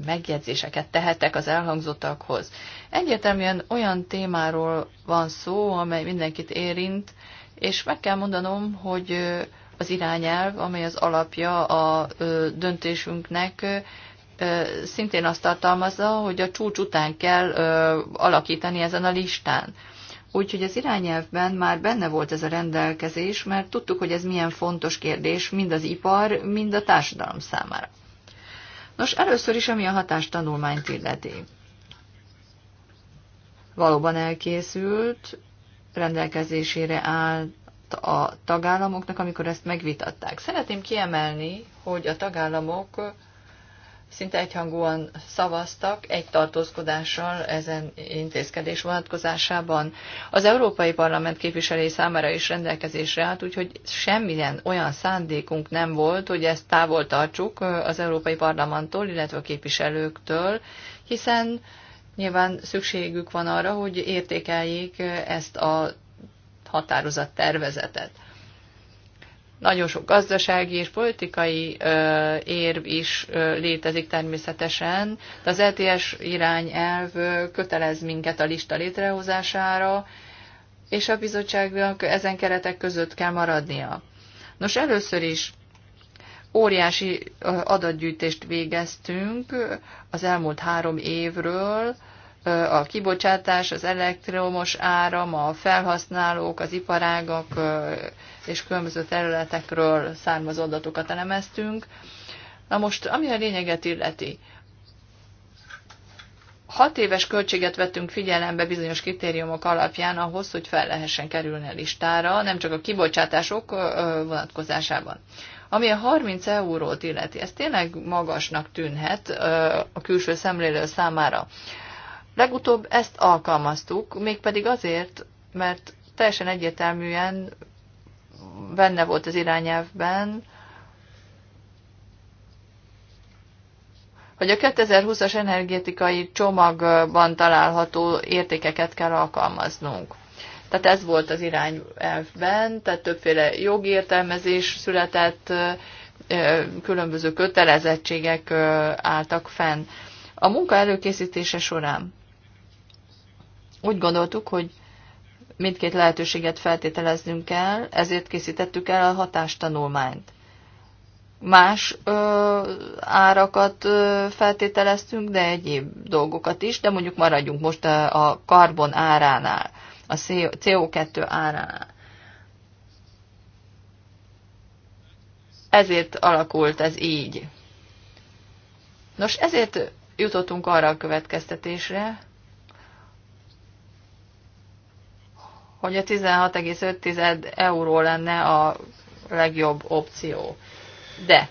Speaker 2: megjegyzéseket tehetek az elhangzottakhoz. Egyértelműen olyan témáról van szó, amely mindenkit érint, és meg kell mondanom, hogy az irányelv, amely az alapja a döntésünknek, szintén azt tartalmazza, hogy a csúcs után kell alakítani ezen a listán. Úgyhogy az irányelvben már benne volt ez a rendelkezés, mert tudtuk, hogy ez milyen fontos kérdés mind az ipar, mind a társadalom számára. Nos, először is, ami a tanulmányt illeti. Valóban elkészült, rendelkezésére állt a tagállamoknak, amikor ezt megvitatták. Szeretném kiemelni, hogy a tagállamok szinte egyhangúan szavaztak egy tartózkodással ezen intézkedés vonatkozásában. Az Európai Parlament képviselői számára is rendelkezésre állt, úgyhogy semmilyen olyan szándékunk nem volt, hogy ezt távol tartsuk az Európai Parlamenttól, illetve a képviselőktől, hiszen nyilván szükségük van arra, hogy értékeljék ezt a határozat tervezetet. Nagyon sok gazdasági és politikai ö, érv is ö, létezik természetesen, de az ETS irányelv kötelez minket a lista létrehozására, és a bizottságnak ezen keretek között kell maradnia. Nos, először is óriási adatgyűjtést végeztünk az elmúlt három évről, a kibocsátás, az elektromos áram, a felhasználók, az iparágak és különböző területekről származó adatokat elemeztünk. Na most, ami a lényeget illeti, hat éves költséget vettünk figyelembe bizonyos kritériumok alapján ahhoz, hogy fel lehessen kerülni a listára, nem csak a kibocsátások vonatkozásában. Ami a 30 eurót illeti, ez tényleg magasnak tűnhet a külső szemlélő számára. Legutóbb ezt alkalmaztuk, mégpedig azért, mert teljesen egyértelműen benne volt az irányelvben, hogy a 2020-as energetikai csomagban található értékeket kell alkalmaznunk. Tehát ez volt az irányelvben, tehát többféle jogi értelmezés született, különböző kötelezettségek álltak fenn. A munka előkészítése során úgy gondoltuk, hogy mindkét lehetőséget feltételeznünk kell, ezért készítettük el a hatástanulmányt. Más ö, árakat ö, feltételeztünk, de egyéb dolgokat is, de mondjuk maradjunk most a, a karbon áránál, a CO2 áránál. Ezért alakult ez így. Nos, ezért jutottunk arra a következtetésre, hogy a 16,5 euró lenne a legjobb opció. De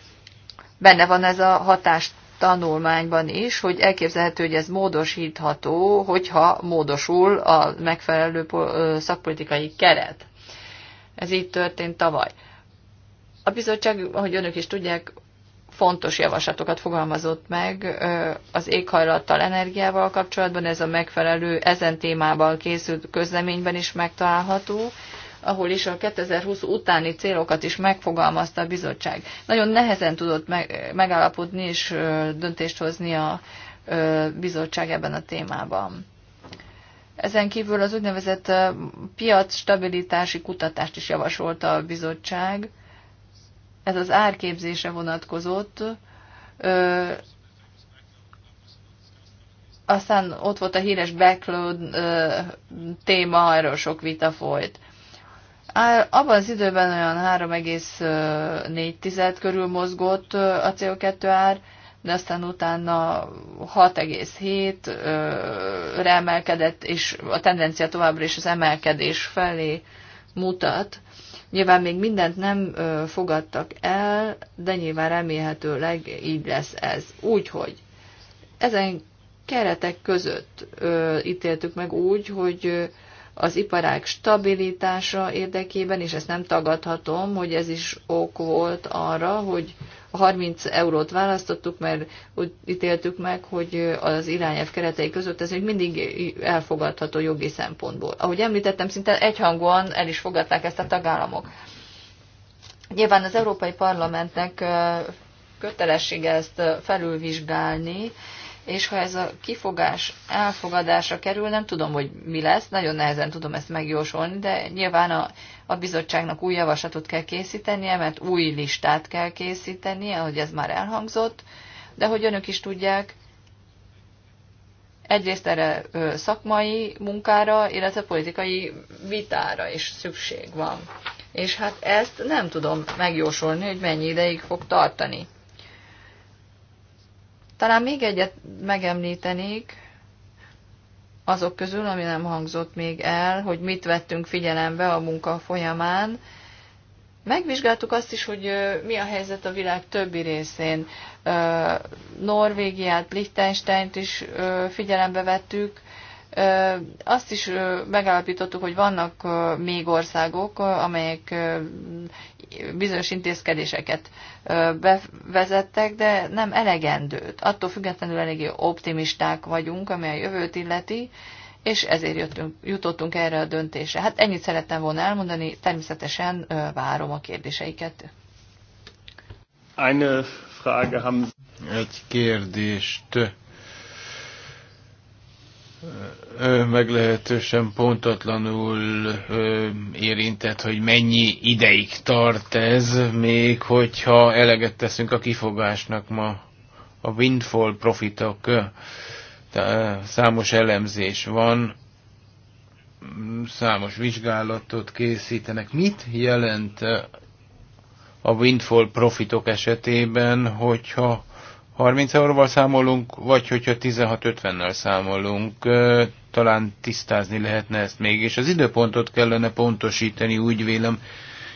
Speaker 2: benne van ez a hatást tanulmányban is, hogy elképzelhető, hogy ez módosítható, hogyha módosul a megfelelő szakpolitikai keret. Ez így történt tavaly. A bizottság, ahogy önök is tudják, fontos javaslatokat fogalmazott meg az éghajlattal, energiával kapcsolatban, ez a megfelelő ezen témában készült közleményben is megtalálható, ahol is a 2020 utáni célokat is megfogalmazta a bizottság. Nagyon nehezen tudott megállapodni és döntést hozni a bizottság ebben a témában. Ezen kívül az úgynevezett piac stabilitási kutatást is javasolta a bizottság, ez az árképzése vonatkozott. Ö, aztán ott volt a híres backload ö, téma, erről sok vita folyt. Abban az időben olyan 3,4 körül mozgott a CO2 ár, de aztán utána 6,7-re emelkedett, és a tendencia továbbra is az emelkedés felé mutat. Nyilván még mindent nem fogadtak el, de nyilván remélhetőleg így lesz ez. Úgyhogy ezen keretek között ö, ítéltük meg úgy, hogy az iparág stabilitása érdekében, és ezt nem tagadhatom, hogy ez is ok volt arra, hogy 30 eurót választottuk, mert úgy ítéltük meg, hogy az irányelv keretei között ez még mindig elfogadható jogi szempontból. Ahogy említettem, szinte egyhangúan el is fogadták ezt a tagállamok. Nyilván az Európai Parlamentnek kötelessége ezt felülvizsgálni, és ha ez a kifogás elfogadásra kerül, nem tudom, hogy mi lesz, nagyon nehezen tudom ezt megjósolni, de nyilván a a bizottságnak új javaslatot kell készítenie, mert új listát kell készítenie, ahogy ez már elhangzott, de hogy önök is tudják, egyrészt erre szakmai munkára, illetve politikai vitára is szükség van. És hát ezt nem tudom megjósolni, hogy mennyi ideig fog tartani. Talán még egyet megemlítenék, azok közül, ami nem hangzott még el, hogy mit vettünk figyelembe a munka folyamán. Megvizsgáltuk azt is, hogy mi a helyzet a világ többi részén. Norvégiát, Liechtensteint is figyelembe vettük, azt is megállapítottuk, hogy vannak még országok, amelyek bizonyos intézkedéseket bevezettek, de nem elegendőt. Attól függetlenül eléggé optimisták vagyunk, ami a jövőt illeti, és ezért jöttünk, jutottunk erre a döntésre. Hát ennyit szerettem volna elmondani, természetesen várom a kérdéseiket.
Speaker 3: Eine Frage haben... Egy kérdést meglehetősen pontatlanul érintett, hogy mennyi ideig tart ez, még hogyha eleget teszünk a kifogásnak ma a windfall profitok számos elemzés van, számos vizsgálatot készítenek. Mit jelent a windfall profitok esetében, hogyha 30 euróval számolunk, vagy hogyha 16.50-nel számolunk, talán tisztázni lehetne ezt még, és az időpontot kellene pontosítani, úgy vélem,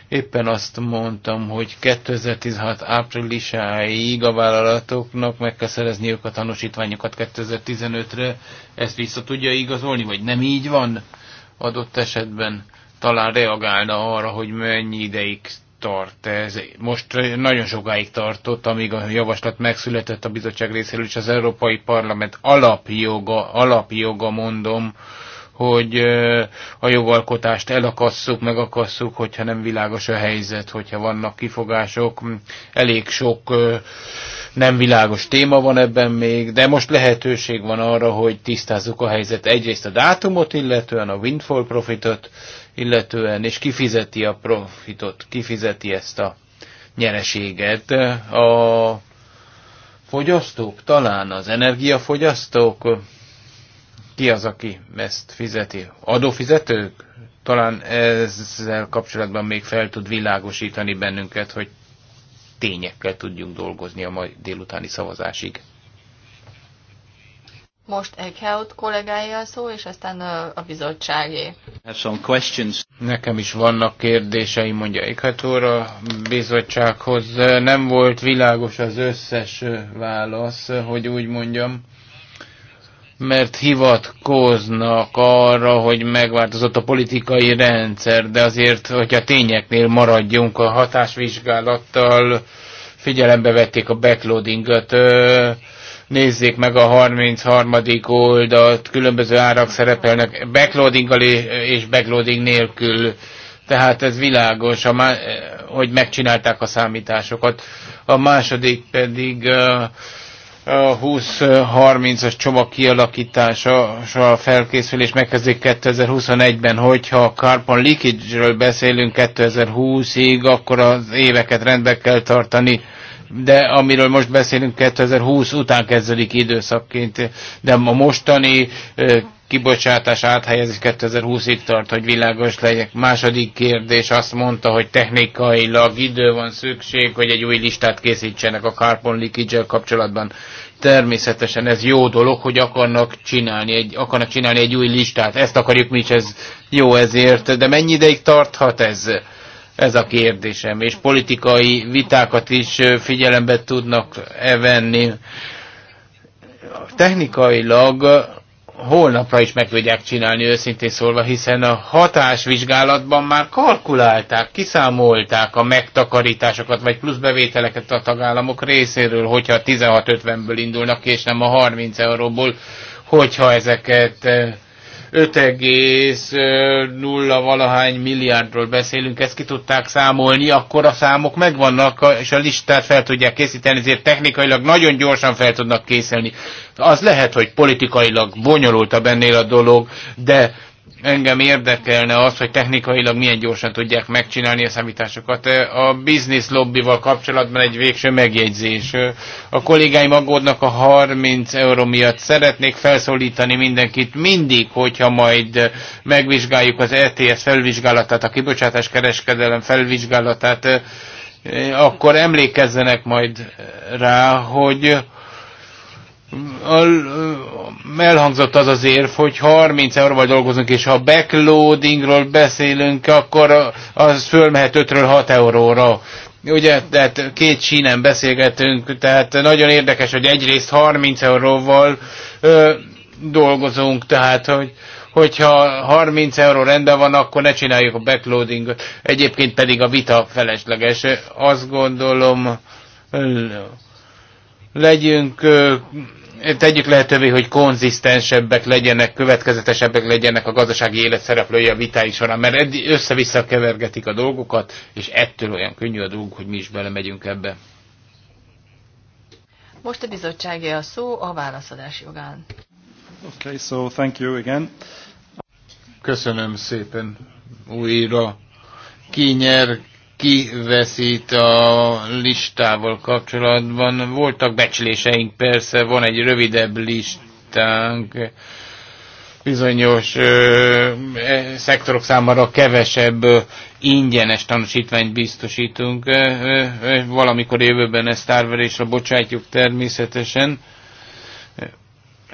Speaker 3: éppen azt mondtam, hogy 2016 áprilisáig a vállalatoknak meg kell szerezniük a tanúsítványokat 2015-re, ezt vissza tudja igazolni, vagy nem így van adott esetben? Talán reagálna arra, hogy mennyi ideig tart ez. Most eh, nagyon sokáig tartott, amíg a javaslat megszületett a bizottság részéről, és az Európai Parlament alapjoga, alapjoga mondom, hogy eh, a jogalkotást elakasszuk, megakasszuk, hogyha nem világos a helyzet, hogyha vannak kifogások. Elég sok eh, nem világos téma van ebben még, de most lehetőség van arra, hogy tisztázzuk a helyzet egyrészt a dátumot, illetően a windfall profitot, illetően, és kifizeti a profitot, kifizeti ezt a nyereséget. A fogyasztók, talán az energiafogyasztók, ki az, aki ezt fizeti? Adófizetők? Talán ezzel kapcsolatban még fel tud világosítani bennünket, hogy tényekkel tudjunk dolgozni a mai délutáni szavazásig.
Speaker 2: Most Eckhout kollégája a szó, és aztán a bizottságé.
Speaker 3: Nekem is vannak kérdéseim, mondja Eckhout úr a bizottsághoz. Nem volt világos az összes válasz, hogy úgy mondjam mert hivatkoznak arra, hogy megváltozott a politikai rendszer, de azért, hogy a tényeknél maradjunk, a hatásvizsgálattal figyelembe vették a backloadingot, Nézzék meg a 33. oldalt, különböző árak szerepelnek backloading és backloading nélkül. Tehát ez világos, a hogy megcsinálták a számításokat. A második pedig a 20-30-as csomag kialakítása, a felkészülés megkezdik 2021-ben, hogyha a carbon leakage-ről beszélünk 2020-ig, akkor az éveket rendbe kell tartani de amiről most beszélünk 2020 után kezdődik időszakként, de a mostani kibocsátás áthelyezés 2020-ig tart, hogy világos legyek. Második kérdés azt mondta, hogy technikailag idő van szükség, hogy egy új listát készítsenek a carbon leakage kapcsolatban. Természetesen ez jó dolog, hogy akarnak csinálni, egy, akarnak csinálni egy új listát. Ezt akarjuk mi is, ez jó ezért, de mennyi ideig tarthat ez? Ez a kérdésem, és politikai vitákat is figyelembe tudnak evenni. Technikailag holnapra is meg tudják csinálni, őszintén szólva, hiszen a hatásvizsgálatban már kalkulálták, kiszámolták a megtakarításokat, vagy plusz bevételeket a tagállamok részéről, hogyha 16-50-ből indulnak, és nem a 30 euróból, hogyha ezeket 5,0 valahány milliárdról beszélünk, ezt ki tudták számolni, akkor a számok megvannak, és a listát fel tudják készíteni, ezért technikailag nagyon gyorsan fel tudnak készülni. Az lehet, hogy politikailag bonyolultabb ennél a dolog, de engem érdekelne az, hogy technikailag milyen gyorsan tudják megcsinálni a számításokat. A business lobbival kapcsolatban egy végső megjegyzés. A kollégáim aggódnak a 30 euró miatt. Szeretnék felszólítani mindenkit mindig, hogyha majd megvizsgáljuk az ETS felvizsgálatát, a kibocsátás kereskedelem felvizsgálatát, akkor emlékezzenek majd rá, hogy elhangzott az az érv, hogy 30 euróval dolgozunk, és ha backloadingról beszélünk, akkor az fölmehet 5-ről 6 euróra. Ugye, tehát két sínen beszélgetünk, tehát nagyon érdekes, hogy egyrészt 30 euróval ö, dolgozunk, tehát hogy hogyha 30 euró rendben van, akkor ne csináljuk a backloadingot. Egyébként pedig a vita felesleges. Azt gondolom, legyünk tegyük lehetővé, hogy konzisztensebbek legyenek, következetesebbek legyenek a gazdasági élet szereplői a vitái során, mert eddig össze-vissza kevergetik a dolgokat, és ettől olyan könnyű a dolgunk, hogy mi is belemegyünk ebbe.
Speaker 2: Most a bizottságé a szó a válaszadás jogán.
Speaker 3: Okay, so thank you again. Köszönöm szépen újra. kinyer kiveszít a listával kapcsolatban. Voltak becsléseink, persze, van egy rövidebb listánk, bizonyos ö, e, szektorok számára kevesebb ö, ingyenes tanúsítványt biztosítunk. Ö, ö, ö, valamikor jövőben ezt tárverésre bocsátjuk természetesen.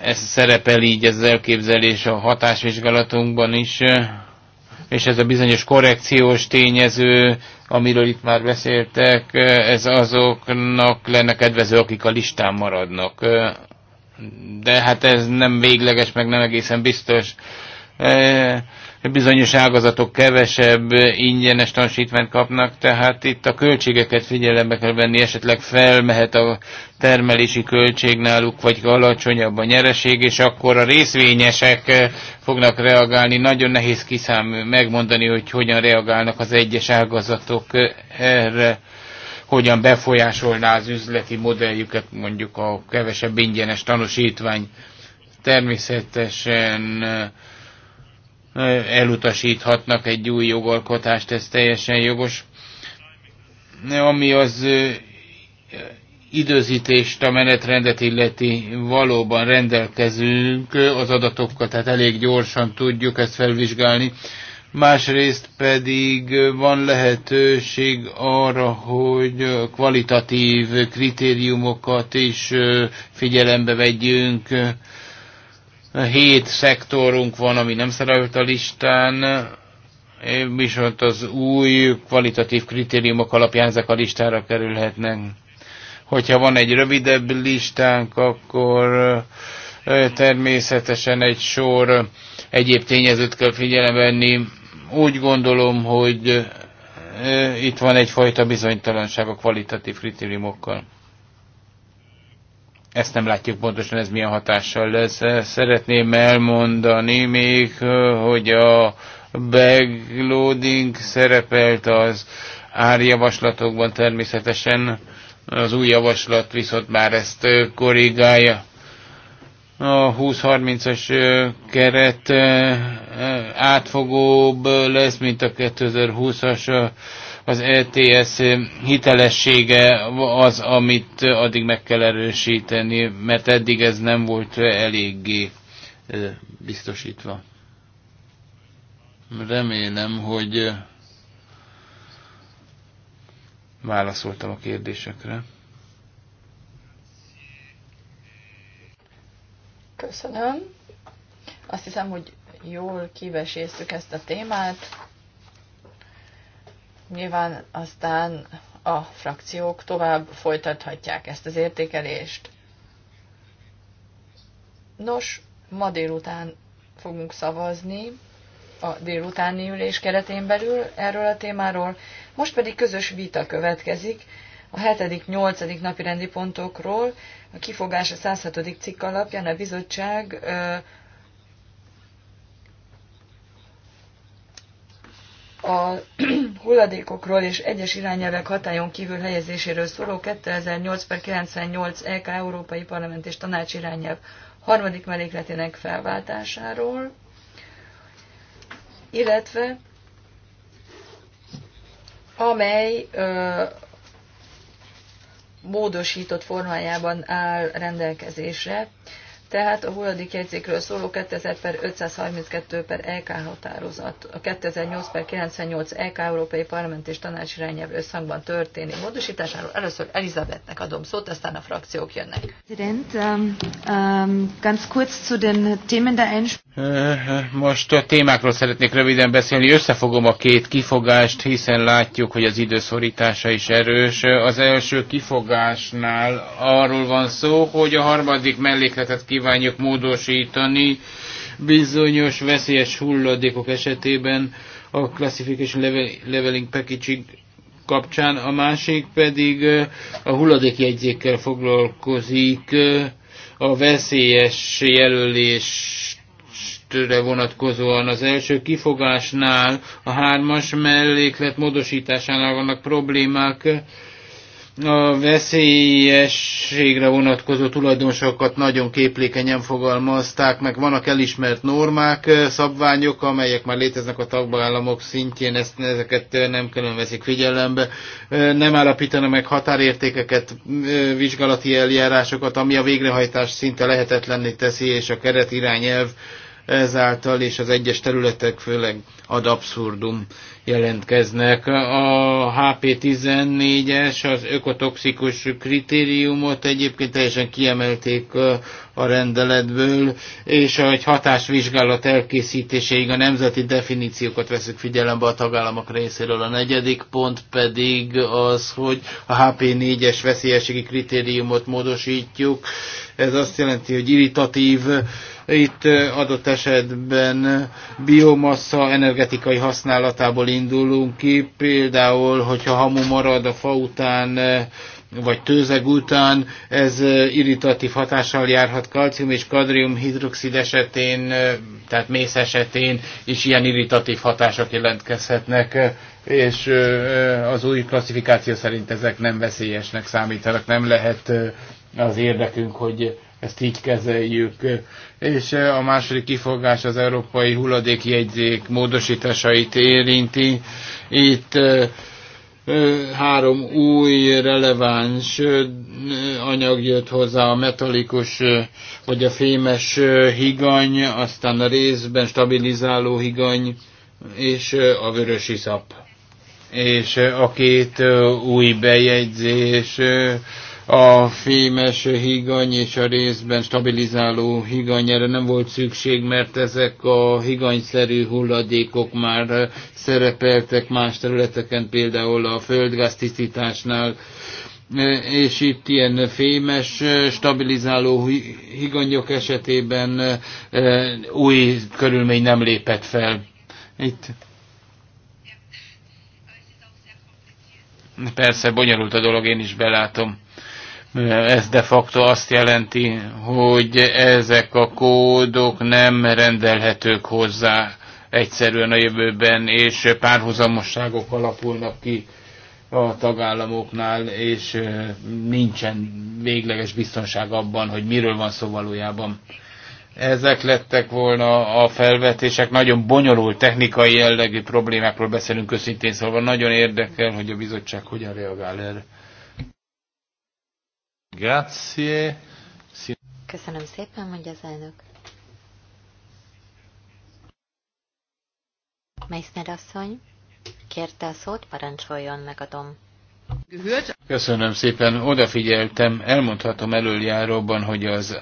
Speaker 3: Ez szerepel így ez az elképzelés a hatásvizsgálatunkban is. Ö, és ez a bizonyos korrekciós tényező, amiről itt már beszéltek, ez azoknak lenne kedvező, akik a listán maradnak. De hát ez nem végleges, meg nem egészen biztos bizonyos ágazatok kevesebb ingyenes tanúsítványt kapnak, tehát itt a költségeket figyelembe kell venni, esetleg felmehet a termelési költség náluk, vagy alacsonyabb a nyereség, és akkor a részvényesek fognak reagálni. Nagyon nehéz kiszám megmondani, hogy hogyan reagálnak az egyes ágazatok erre hogyan befolyásolná az üzleti modelljüket mondjuk a kevesebb ingyenes tanúsítvány. Természetesen elutasíthatnak egy új jogalkotást, ez teljesen jogos. Ami az időzítést, a menetrendet illeti valóban rendelkezünk az adatokkal, tehát elég gyorsan tudjuk ezt felvizsgálni. Másrészt pedig van lehetőség arra, hogy kvalitatív kritériumokat is figyelembe vegyünk, Hét szektorunk van, ami nem szerepelt a listán, viszont az új kvalitatív kritériumok alapján ezek a listára kerülhetnek. Hogyha van egy rövidebb listánk, akkor természetesen egy sor egyéb tényezőt kell figyelembe venni. Úgy gondolom, hogy itt van egyfajta bizonytalanság a kvalitatív kritériumokkal ezt nem látjuk pontosan, ez milyen hatással lesz. Szeretném elmondani még, hogy a backloading szerepelt az árjavaslatokban természetesen, az új javaslat viszont már ezt korrigálja. A 20-30-as keret eh, átfogóbb lesz, mint a 2020-as az ETS hitelessége az, amit addig meg kell erősíteni, mert eddig ez nem volt eléggé biztosítva. Remélem, hogy válaszoltam a kérdésekre.
Speaker 2: Köszönöm. Azt hiszem, hogy jól kiveséztük ezt a témát. Nyilván aztán a frakciók tovább folytathatják ezt az értékelést. Nos, ma délután fogunk szavazni a délutáni ülés keretén belül erről a témáról, most pedig közös vita következik a 7.-8. napi rendi pontokról. A kifogás a 106. cikk alapján a bizottság a hulladékokról és egyes irányelvek hatályon kívül helyezéséről szóló 2008-98 EK Európai Parlament és Tanács irányelv harmadik mellékletének felváltásáról, illetve amely ö, módosított formájában áll rendelkezésre tehát a hulladék jegyzékről szóló 2000 per 532 per EK határozat, a 2008 per 98 EK Európai Parlament és Tanács irányelv összhangban történő módosításáról először Elizabethnek adom szót, aztán a frakciók jönnek.
Speaker 1: Prezident, um, um, ganz kurz zu den
Speaker 3: Themen der Einsp most a témákról szeretnék röviden beszélni. Összefogom a két kifogást, hiszen látjuk, hogy az időszorítása is erős. Az első kifogásnál arról van szó, hogy a harmadik mellékletet kívánjuk módosítani bizonyos veszélyes hulladékok esetében a Classification Leveling Packaging kapcsán, a másik pedig eh, a hulladékjegyzékkel foglalkozik eh, a veszélyes jelölés testre vonatkozóan az első kifogásnál, a hármas melléklet módosításánál vannak problémák, a veszélyességre vonatkozó tulajdonságokat nagyon képlékenyen fogalmazták, meg vannak elismert normák, szabványok, amelyek már léteznek a tagállamok szintjén, ezt, ezeket nem külön veszik figyelembe. Nem állapítanak meg határértékeket, vizsgálati eljárásokat, ami a végrehajtás szinte lehetetlenné teszi, és a keretirányelv irányelv ezáltal, és az egyes területek főleg ad abszurdum jelentkeznek. A HP14-es, az ökotoxikus kritériumot egyébként teljesen kiemelték a rendeletből, és egy hatásvizsgálat elkészítéséig a nemzeti definíciókat veszük figyelembe a tagállamok részéről. A negyedik pont pedig az, hogy a HP4-es veszélyességi kritériumot módosítjuk, ez azt jelenti, hogy irritatív, itt adott esetben biomassa energetikai használatából indulunk ki, például, hogyha hamu marad a fa után, vagy tőzeg után, ez irritatív hatással járhat kalcium és kadrium hidroxid esetén, tehát mész esetén is ilyen irritatív hatások jelentkezhetnek, és az új klasszifikáció szerint ezek nem veszélyesnek számítanak, nem lehet az érdekünk, hogy ezt így kezeljük. És eh, a második kifogás az európai hulladékjegyzék módosításait érinti. Itt eh, eh, három új releváns anyag jött hozzá, a metalikus vagy a fémes higany, aztán a részben stabilizáló higany és a vörös iszap. És a két új bejegyzés a fémes higany és a részben stabilizáló higany, erre nem volt szükség, mert ezek a higanyszerű hulladékok már szerepeltek más területeken, például a földgáztisztításnál, és itt ilyen fémes, stabilizáló higanyok esetében e, új körülmény nem lépett fel. Itt Persze, bonyolult a dolog, én is belátom. Ez de facto azt jelenti, hogy ezek a kódok nem rendelhetők hozzá egyszerűen a jövőben, és párhuzamosságok alapulnak ki a tagállamoknál, és nincsen végleges biztonság abban, hogy miről van szó valójában. Ezek lettek volna a felvetések, nagyon bonyolult technikai jellegű problémákról beszélünk őszintén, szóval nagyon érdekel, hogy a bizottság hogyan reagál erre. Grazie.
Speaker 1: Köszönöm szépen, mondja az elnök. Meissner asszony, kérte a szót, parancsoljon, megadom.
Speaker 3: Köszönöm szépen, odafigyeltem, elmondhatom előjáróban, hogy az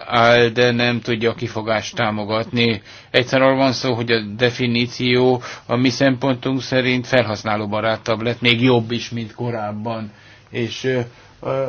Speaker 3: de nem tudja a kifogást támogatni. Egyszerűen van szó, hogy a definíció a mi szempontunk szerint felhasználóbarátabb lett, még jobb is, mint korábban. És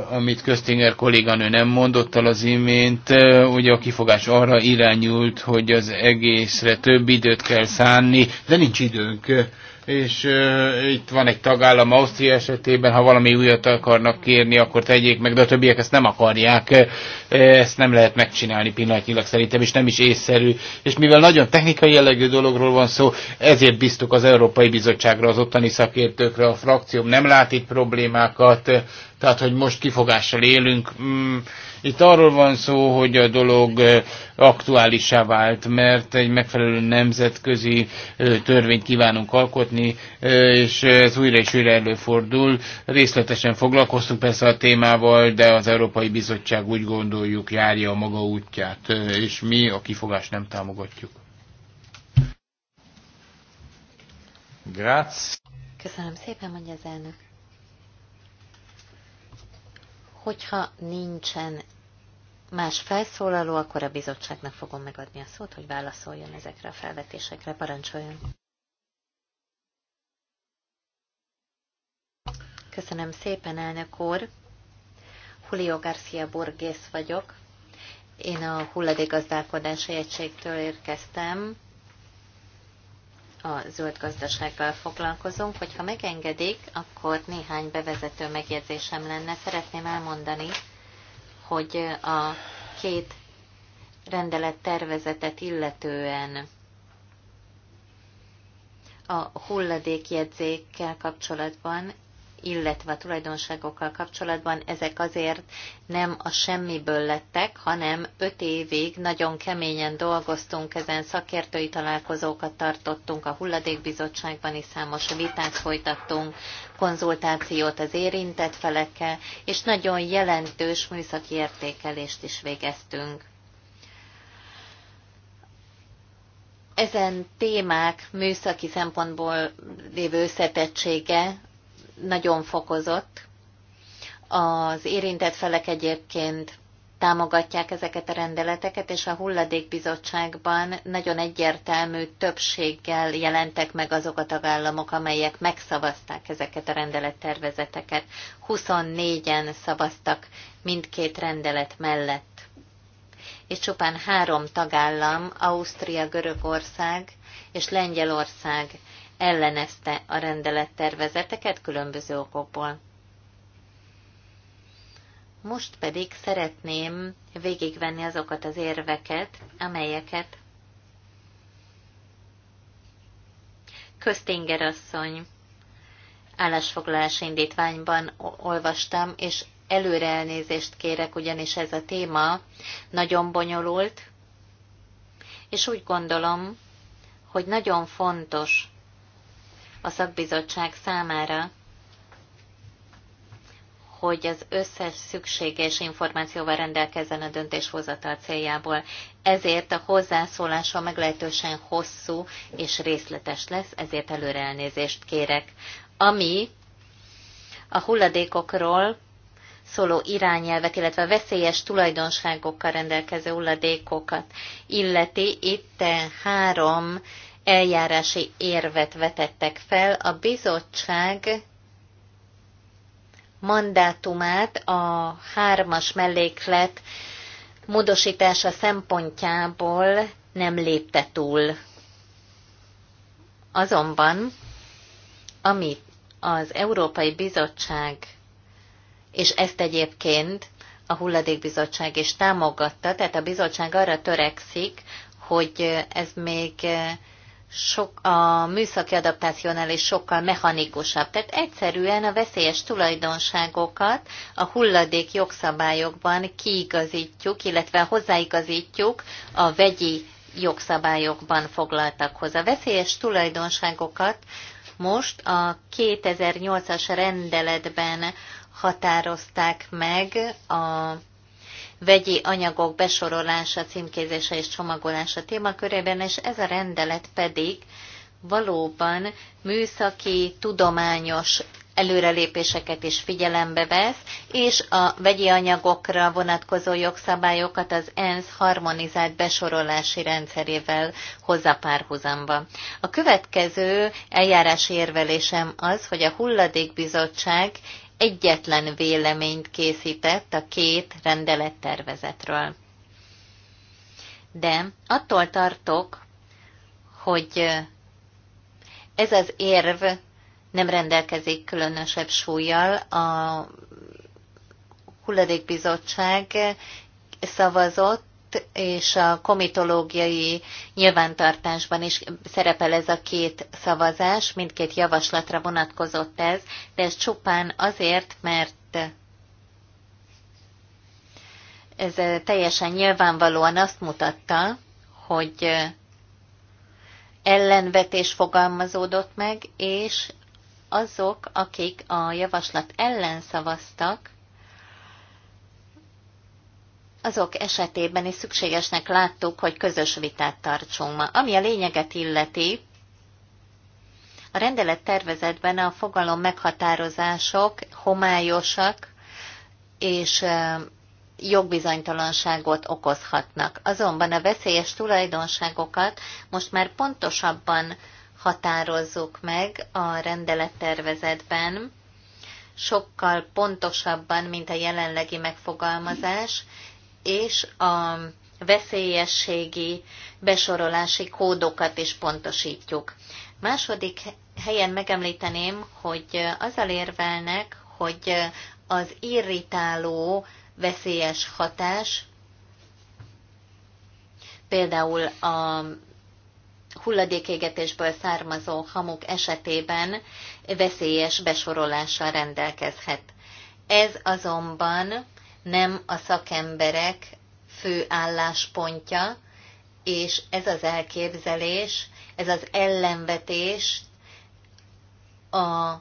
Speaker 3: amit Köztinger kolléganő nem mondott el az imént, ugye a kifogás arra irányult, hogy az egészre több időt kell szánni, de nincs időnk és uh, itt van egy tagállam Ausztria esetében, ha valami újat akarnak kérni, akkor tegyék meg, de a többiek ezt nem akarják, ezt nem lehet megcsinálni pillanatnyilag szerintem, és nem is észszerű. És mivel nagyon technikai jellegű dologról van szó, ezért biztuk az Európai Bizottságra, az ottani szakértőkre, a frakcióm nem lát itt problémákat, tehát hogy most kifogással élünk, mm, itt arról van szó, hogy a dolog aktuálisá vált, mert egy megfelelő nemzetközi törvényt kívánunk alkotni, és ez újra és újra előfordul. Részletesen foglalkoztunk persze a témával, de az Európai Bizottság úgy gondoljuk járja a maga útját, és mi a kifogást nem támogatjuk. Grácz.
Speaker 1: Köszönöm szépen, mondja az elnök. Hogyha nincsen más felszólaló, akkor a bizottságnak fogom megadni a szót, hogy válaszoljon ezekre a felvetésekre. Parancsoljon! Köszönöm szépen, elnök úr! Julio García Borgész vagyok. Én a hulladékgazdálkodási egységtől érkeztem. A zöld gazdasággal foglalkozunk. Hogyha megengedik, akkor néhány bevezető megjegyzésem lenne. Szeretném elmondani, hogy a két rendelet tervezetet illetően a hulladékjegyzékkel kapcsolatban illetve a tulajdonságokkal kapcsolatban ezek azért nem a semmiből lettek, hanem öt évig nagyon keményen dolgoztunk ezen, szakértői találkozókat tartottunk a hulladékbizottságban, is, számos vitát folytattunk, konzultációt az érintett felekkel, és nagyon jelentős műszaki értékelést is végeztünk. ezen témák műszaki szempontból lévő összetettsége nagyon fokozott. Az érintett felek egyébként támogatják ezeket a rendeleteket, és a hulladékbizottságban nagyon egyértelmű többséggel jelentek meg azok a tagállamok, amelyek megszavazták ezeket a rendelettervezeteket. 24-en szavaztak mindkét rendelet mellett. És csupán három tagállam, Ausztria, Görögország és Lengyelország ellenezte a rendelettervezeteket különböző okokból. Most pedig szeretném végigvenni azokat az érveket, amelyeket Köztinger asszony állásfoglalás indítványban olvastam, és előre elnézést kérek, ugyanis ez a téma nagyon bonyolult, és úgy gondolom, hogy nagyon fontos a szakbizottság számára, hogy az összes szükséges információval rendelkezzen a döntéshozatal céljából. Ezért a hozzászólása meglehetősen hosszú és részletes lesz, ezért előre elnézést kérek. Ami a hulladékokról szóló irányelvet, illetve veszélyes tulajdonságokkal rendelkező hulladékokat illeti. Itt három eljárási érvet vetettek fel. A bizottság mandátumát a hármas melléklet módosítása szempontjából nem lépte túl. Azonban, amit az Európai Bizottság, és ezt egyébként a hulladékbizottság is támogatta, tehát a bizottság arra törekszik, hogy ez még sok, a műszaki adaptációnál is sokkal mechanikusabb. Tehát egyszerűen a veszélyes tulajdonságokat a hulladék jogszabályokban kiigazítjuk, illetve hozzáigazítjuk a vegyi jogszabályokban foglaltakhoz. A veszélyes tulajdonságokat most a 2008-as rendeletben határozták meg a vegyi anyagok besorolása, címkézése és csomagolása témakörében, és ez a rendelet pedig valóban műszaki, tudományos előrelépéseket is figyelembe vesz, és a vegyi anyagokra vonatkozó jogszabályokat az ENSZ harmonizált besorolási rendszerével hozza párhuzamba. A következő eljárási érvelésem az, hogy a hulladékbizottság egyetlen véleményt készített a két rendelettervezetről. De attól tartok, hogy ez az érv nem rendelkezik különösebb súlyjal. A hulladékbizottság szavazott és a komitológiai nyilvántartásban is szerepel ez a két szavazás, mindkét javaslatra vonatkozott ez, de ez csupán azért, mert ez teljesen nyilvánvalóan azt mutatta, hogy ellenvetés fogalmazódott meg, és azok, akik a javaslat ellen szavaztak, azok esetében is szükségesnek láttuk, hogy közös vitát tartsunk ma. Ami a lényeget illeti, a rendelet tervezetben a fogalom meghatározások homályosak és jogbizonytalanságot okozhatnak. Azonban a veszélyes tulajdonságokat most már pontosabban határozzuk meg a rendelettervezetben, sokkal pontosabban, mint a jelenlegi megfogalmazás, és a veszélyességi besorolási kódokat is pontosítjuk. Második helyen megemlíteném, hogy azzal érvelnek, hogy az irritáló veszélyes hatás, például a hulladékégetésből származó hamuk esetében veszélyes besorolással rendelkezhet. Ez azonban nem a szakemberek fő álláspontja, és ez az elképzelés, ez az ellenvetés a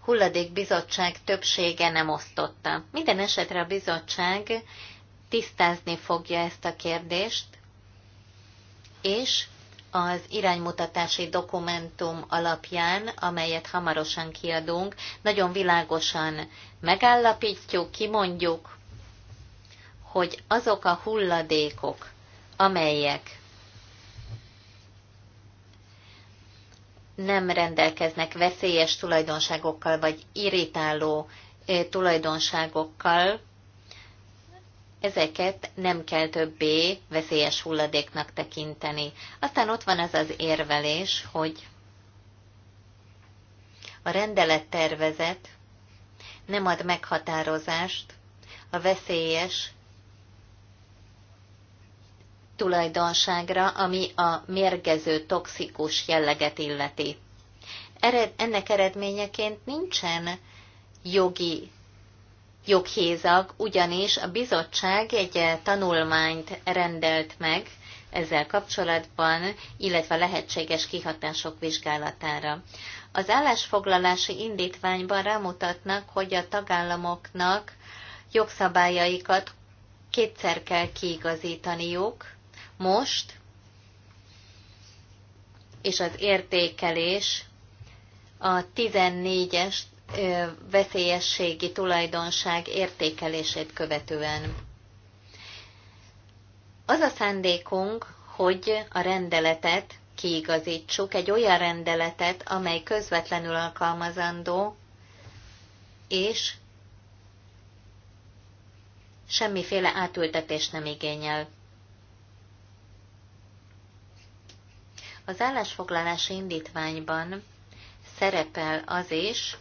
Speaker 1: hulladékbizottság többsége nem osztotta. Minden esetre a bizottság tisztázni fogja ezt a kérdést, és az iránymutatási dokumentum alapján, amelyet hamarosan kiadunk, nagyon világosan megállapítjuk, kimondjuk, hogy azok a hulladékok, amelyek nem rendelkeznek veszélyes tulajdonságokkal vagy irritáló eh, tulajdonságokkal, ezeket nem kell többé veszélyes hulladéknak tekinteni. Aztán ott van az az érvelés, hogy a rendelettervezet nem ad meghatározást a veszélyes tulajdonságra, ami a mérgező, toxikus jelleget illeti. Ered, ennek eredményeként nincsen jogi joghézag, ugyanis a bizottság egy eh, tanulmányt rendelt meg ezzel kapcsolatban, illetve lehetséges kihatások vizsgálatára. Az állásfoglalási indítványban rámutatnak, hogy a tagállamoknak jogszabályaikat kétszer kell kiigazítaniuk, most és az értékelés a 14-es veszélyességi tulajdonság értékelését követően. Az a szándékunk, hogy a rendeletet kiigazítsuk, egy olyan rendeletet, amely közvetlenül alkalmazandó, és semmiféle átültetés nem igényel. Az állásfoglalási indítványban szerepel az is,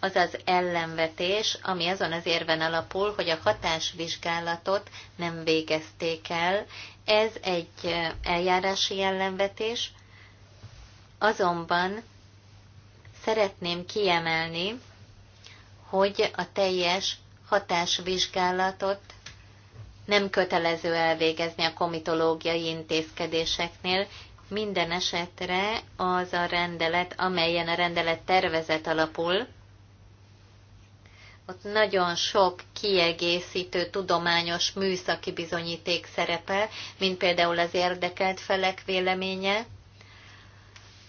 Speaker 1: az az ellenvetés, ami azon az érven alapul, hogy a hatásvizsgálatot nem végezték el. Ez egy eljárási ellenvetés, azonban szeretném kiemelni, hogy a teljes hatásvizsgálatot nem kötelező elvégezni a komitológiai intézkedéseknél, minden esetre az a rendelet, amelyen a rendelet tervezet alapul, ott nagyon sok kiegészítő tudományos műszaki bizonyíték szerepel, mint például az érdekelt felek véleménye,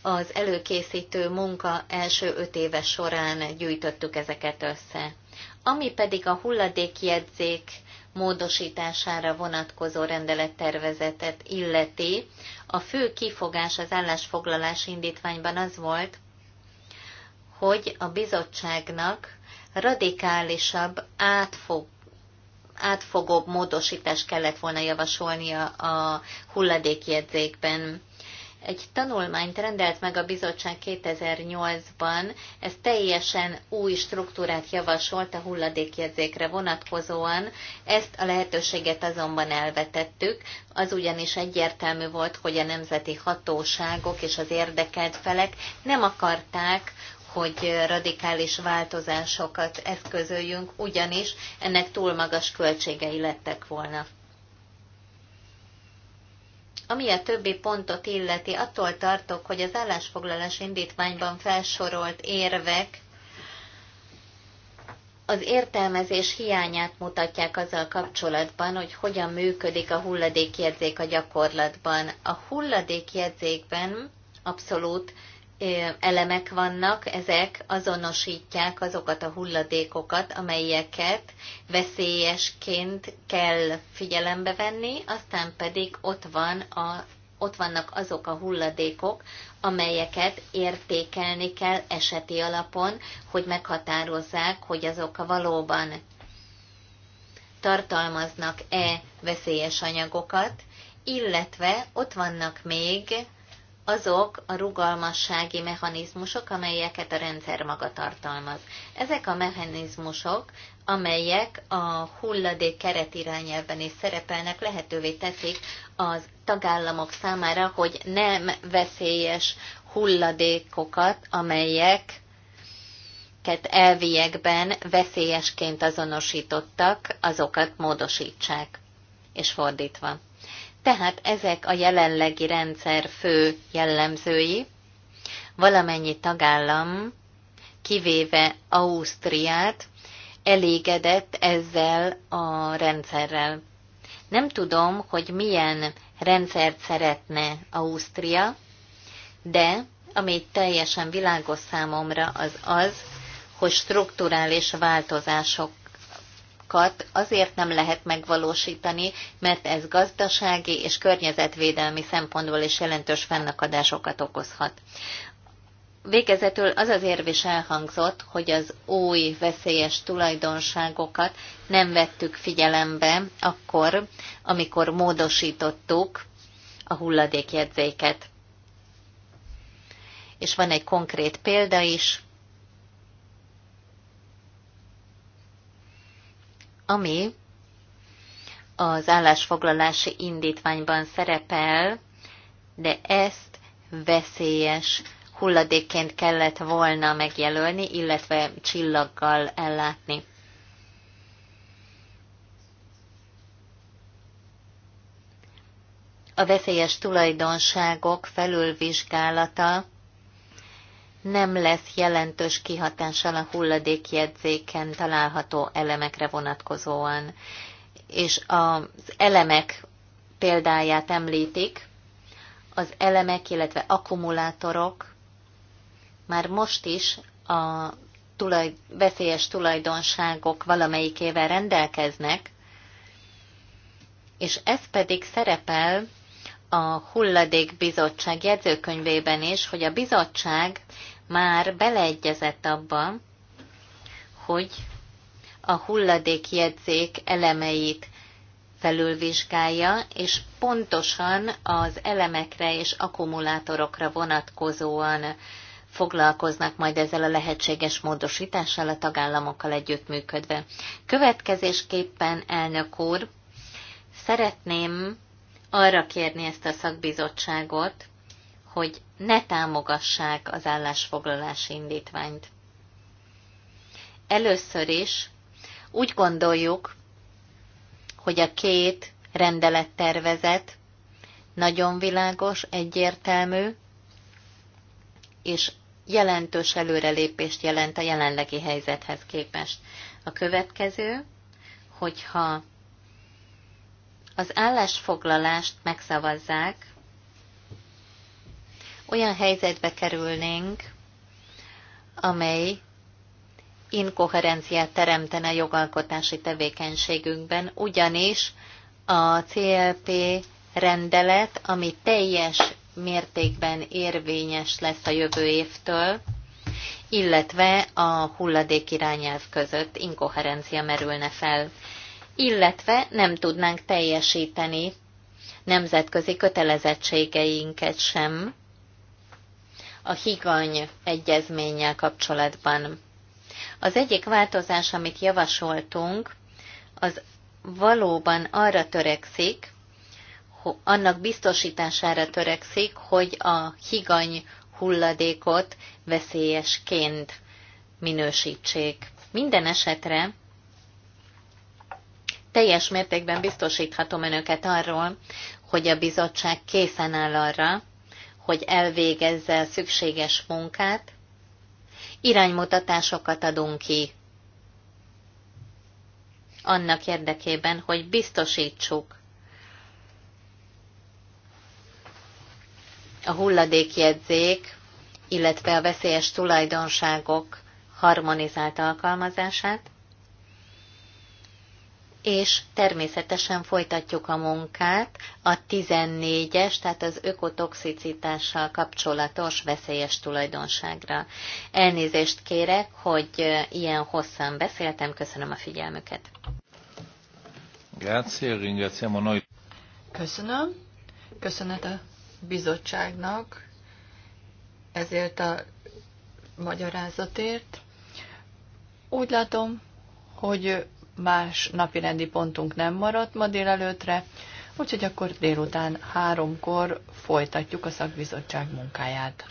Speaker 1: az előkészítő munka első öt éve során gyűjtöttük ezeket össze. Ami pedig a hulladékjegyzék módosítására vonatkozó rendelettervezetet illeti, a fő kifogás az állásfoglalás indítványban az volt, hogy a bizottságnak radikálisabb, átfog, átfogóbb módosítást kellett volna javasolnia a hulladékjegyzékben. Egy tanulmányt rendelt meg a bizottság 2008-ban, ez teljesen új struktúrát javasolt a hulladékjegyzékre vonatkozóan, ezt a lehetőséget azonban elvetettük, az ugyanis egyértelmű volt, hogy a nemzeti hatóságok és az érdekelt felek nem akarták, hogy radikális változásokat eszközöljünk, ugyanis ennek túl magas költségei lettek volna. Ami a többi pontot illeti, attól tartok, hogy az állásfoglalás indítványban felsorolt érvek az értelmezés hiányát mutatják azzal kapcsolatban, hogy hogyan működik a hulladékjegyzék a gyakorlatban. A hulladékjegyzékben abszolút elemek vannak, ezek azonosítják azokat a hulladékokat, amelyeket veszélyesként kell figyelembe venni, aztán pedig ott, van a, ott vannak azok a hulladékok, amelyeket értékelni kell eseti alapon, hogy meghatározzák, hogy azok valóban tartalmaznak-e veszélyes anyagokat, illetve ott vannak még azok a rugalmassági mechanizmusok, amelyeket a rendszer maga tartalmaz. Ezek a mechanizmusok, amelyek a hulladék keretirányelven is szerepelnek, lehetővé teszik az tagállamok számára, hogy nem veszélyes hulladékokat, amelyek elviekben veszélyesként azonosítottak, azokat módosítsák, és fordítva. Tehát ezek a jelenlegi rendszer fő jellemzői. Valamennyi tagállam, kivéve Ausztriát, elégedett ezzel a rendszerrel. Nem tudom, hogy milyen rendszert szeretne Ausztria, de ami teljesen világos számomra az az, hogy strukturális változások célokat azért nem lehet megvalósítani, mert ez gazdasági és környezetvédelmi szempontból is jelentős fennakadásokat okozhat. Végezetül az az érv is elhangzott, hogy az új veszélyes tulajdonságokat nem vettük figyelembe akkor, amikor módosítottuk a hulladékjegyzéket. És van egy konkrét példa is, ami az állásfoglalási indítványban szerepel, de ezt veszélyes hulladékként kellett volna megjelölni, illetve csillaggal ellátni. A veszélyes tulajdonságok felülvizsgálata nem lesz jelentős kihatással a hulladékjegyzéken található elemekre vonatkozóan. És az elemek példáját említik, az elemek, illetve akkumulátorok már most is a tulaj, veszélyes tulajdonságok valamelyikével rendelkeznek, és ez pedig szerepel a hulladékbizottság jegyzőkönyvében is, hogy a bizottság már beleegyezett abban, hogy a hulladékjegyzék elemeit felülvizsgálja, és pontosan az elemekre és akkumulátorokra vonatkozóan foglalkoznak majd ezzel a lehetséges módosítással a tagállamokkal együttműködve. Következésképpen, elnök úr, szeretném arra kérni ezt a szakbizottságot, hogy ne támogassák az állásfoglalási indítványt. Először is úgy gondoljuk, hogy a két rendelettervezet nagyon világos, egyértelmű, és jelentős előrelépést jelent a jelenlegi helyzethez képest. A következő, hogyha az állásfoglalást megszavazzák, olyan helyzetbe kerülnénk, amely inkoherenciát teremtene jogalkotási tevékenységünkben, ugyanis a CLP rendelet, ami teljes mértékben érvényes lesz a jövő évtől, illetve a hulladék irányelv között inkoherencia merülne fel, illetve nem tudnánk teljesíteni nemzetközi kötelezettségeinket sem, a higany egyezménnyel kapcsolatban. Az egyik változás, amit javasoltunk, az valóban arra törekszik, annak biztosítására törekszik, hogy a higany hulladékot veszélyesként minősítsék. Minden esetre teljes mértékben biztosíthatom önöket arról, hogy a bizottság készen áll arra, hogy elvégezze a szükséges munkát, iránymutatásokat adunk ki annak érdekében, hogy biztosítsuk a hulladékjegyzék, illetve a veszélyes tulajdonságok harmonizált alkalmazását, és természetesen folytatjuk a munkát a 14-es, tehát az ökotoxicitással kapcsolatos veszélyes tulajdonságra. Elnézést kérek, hogy ilyen hosszan beszéltem, köszönöm a figyelmüket. Köszönöm. Köszönet a
Speaker 2: bizottságnak ezért a magyarázatért. Úgy látom, hogy más napi rendi pontunk nem maradt ma délelőtre, úgyhogy akkor délután háromkor folytatjuk a szakbizottság munkáját.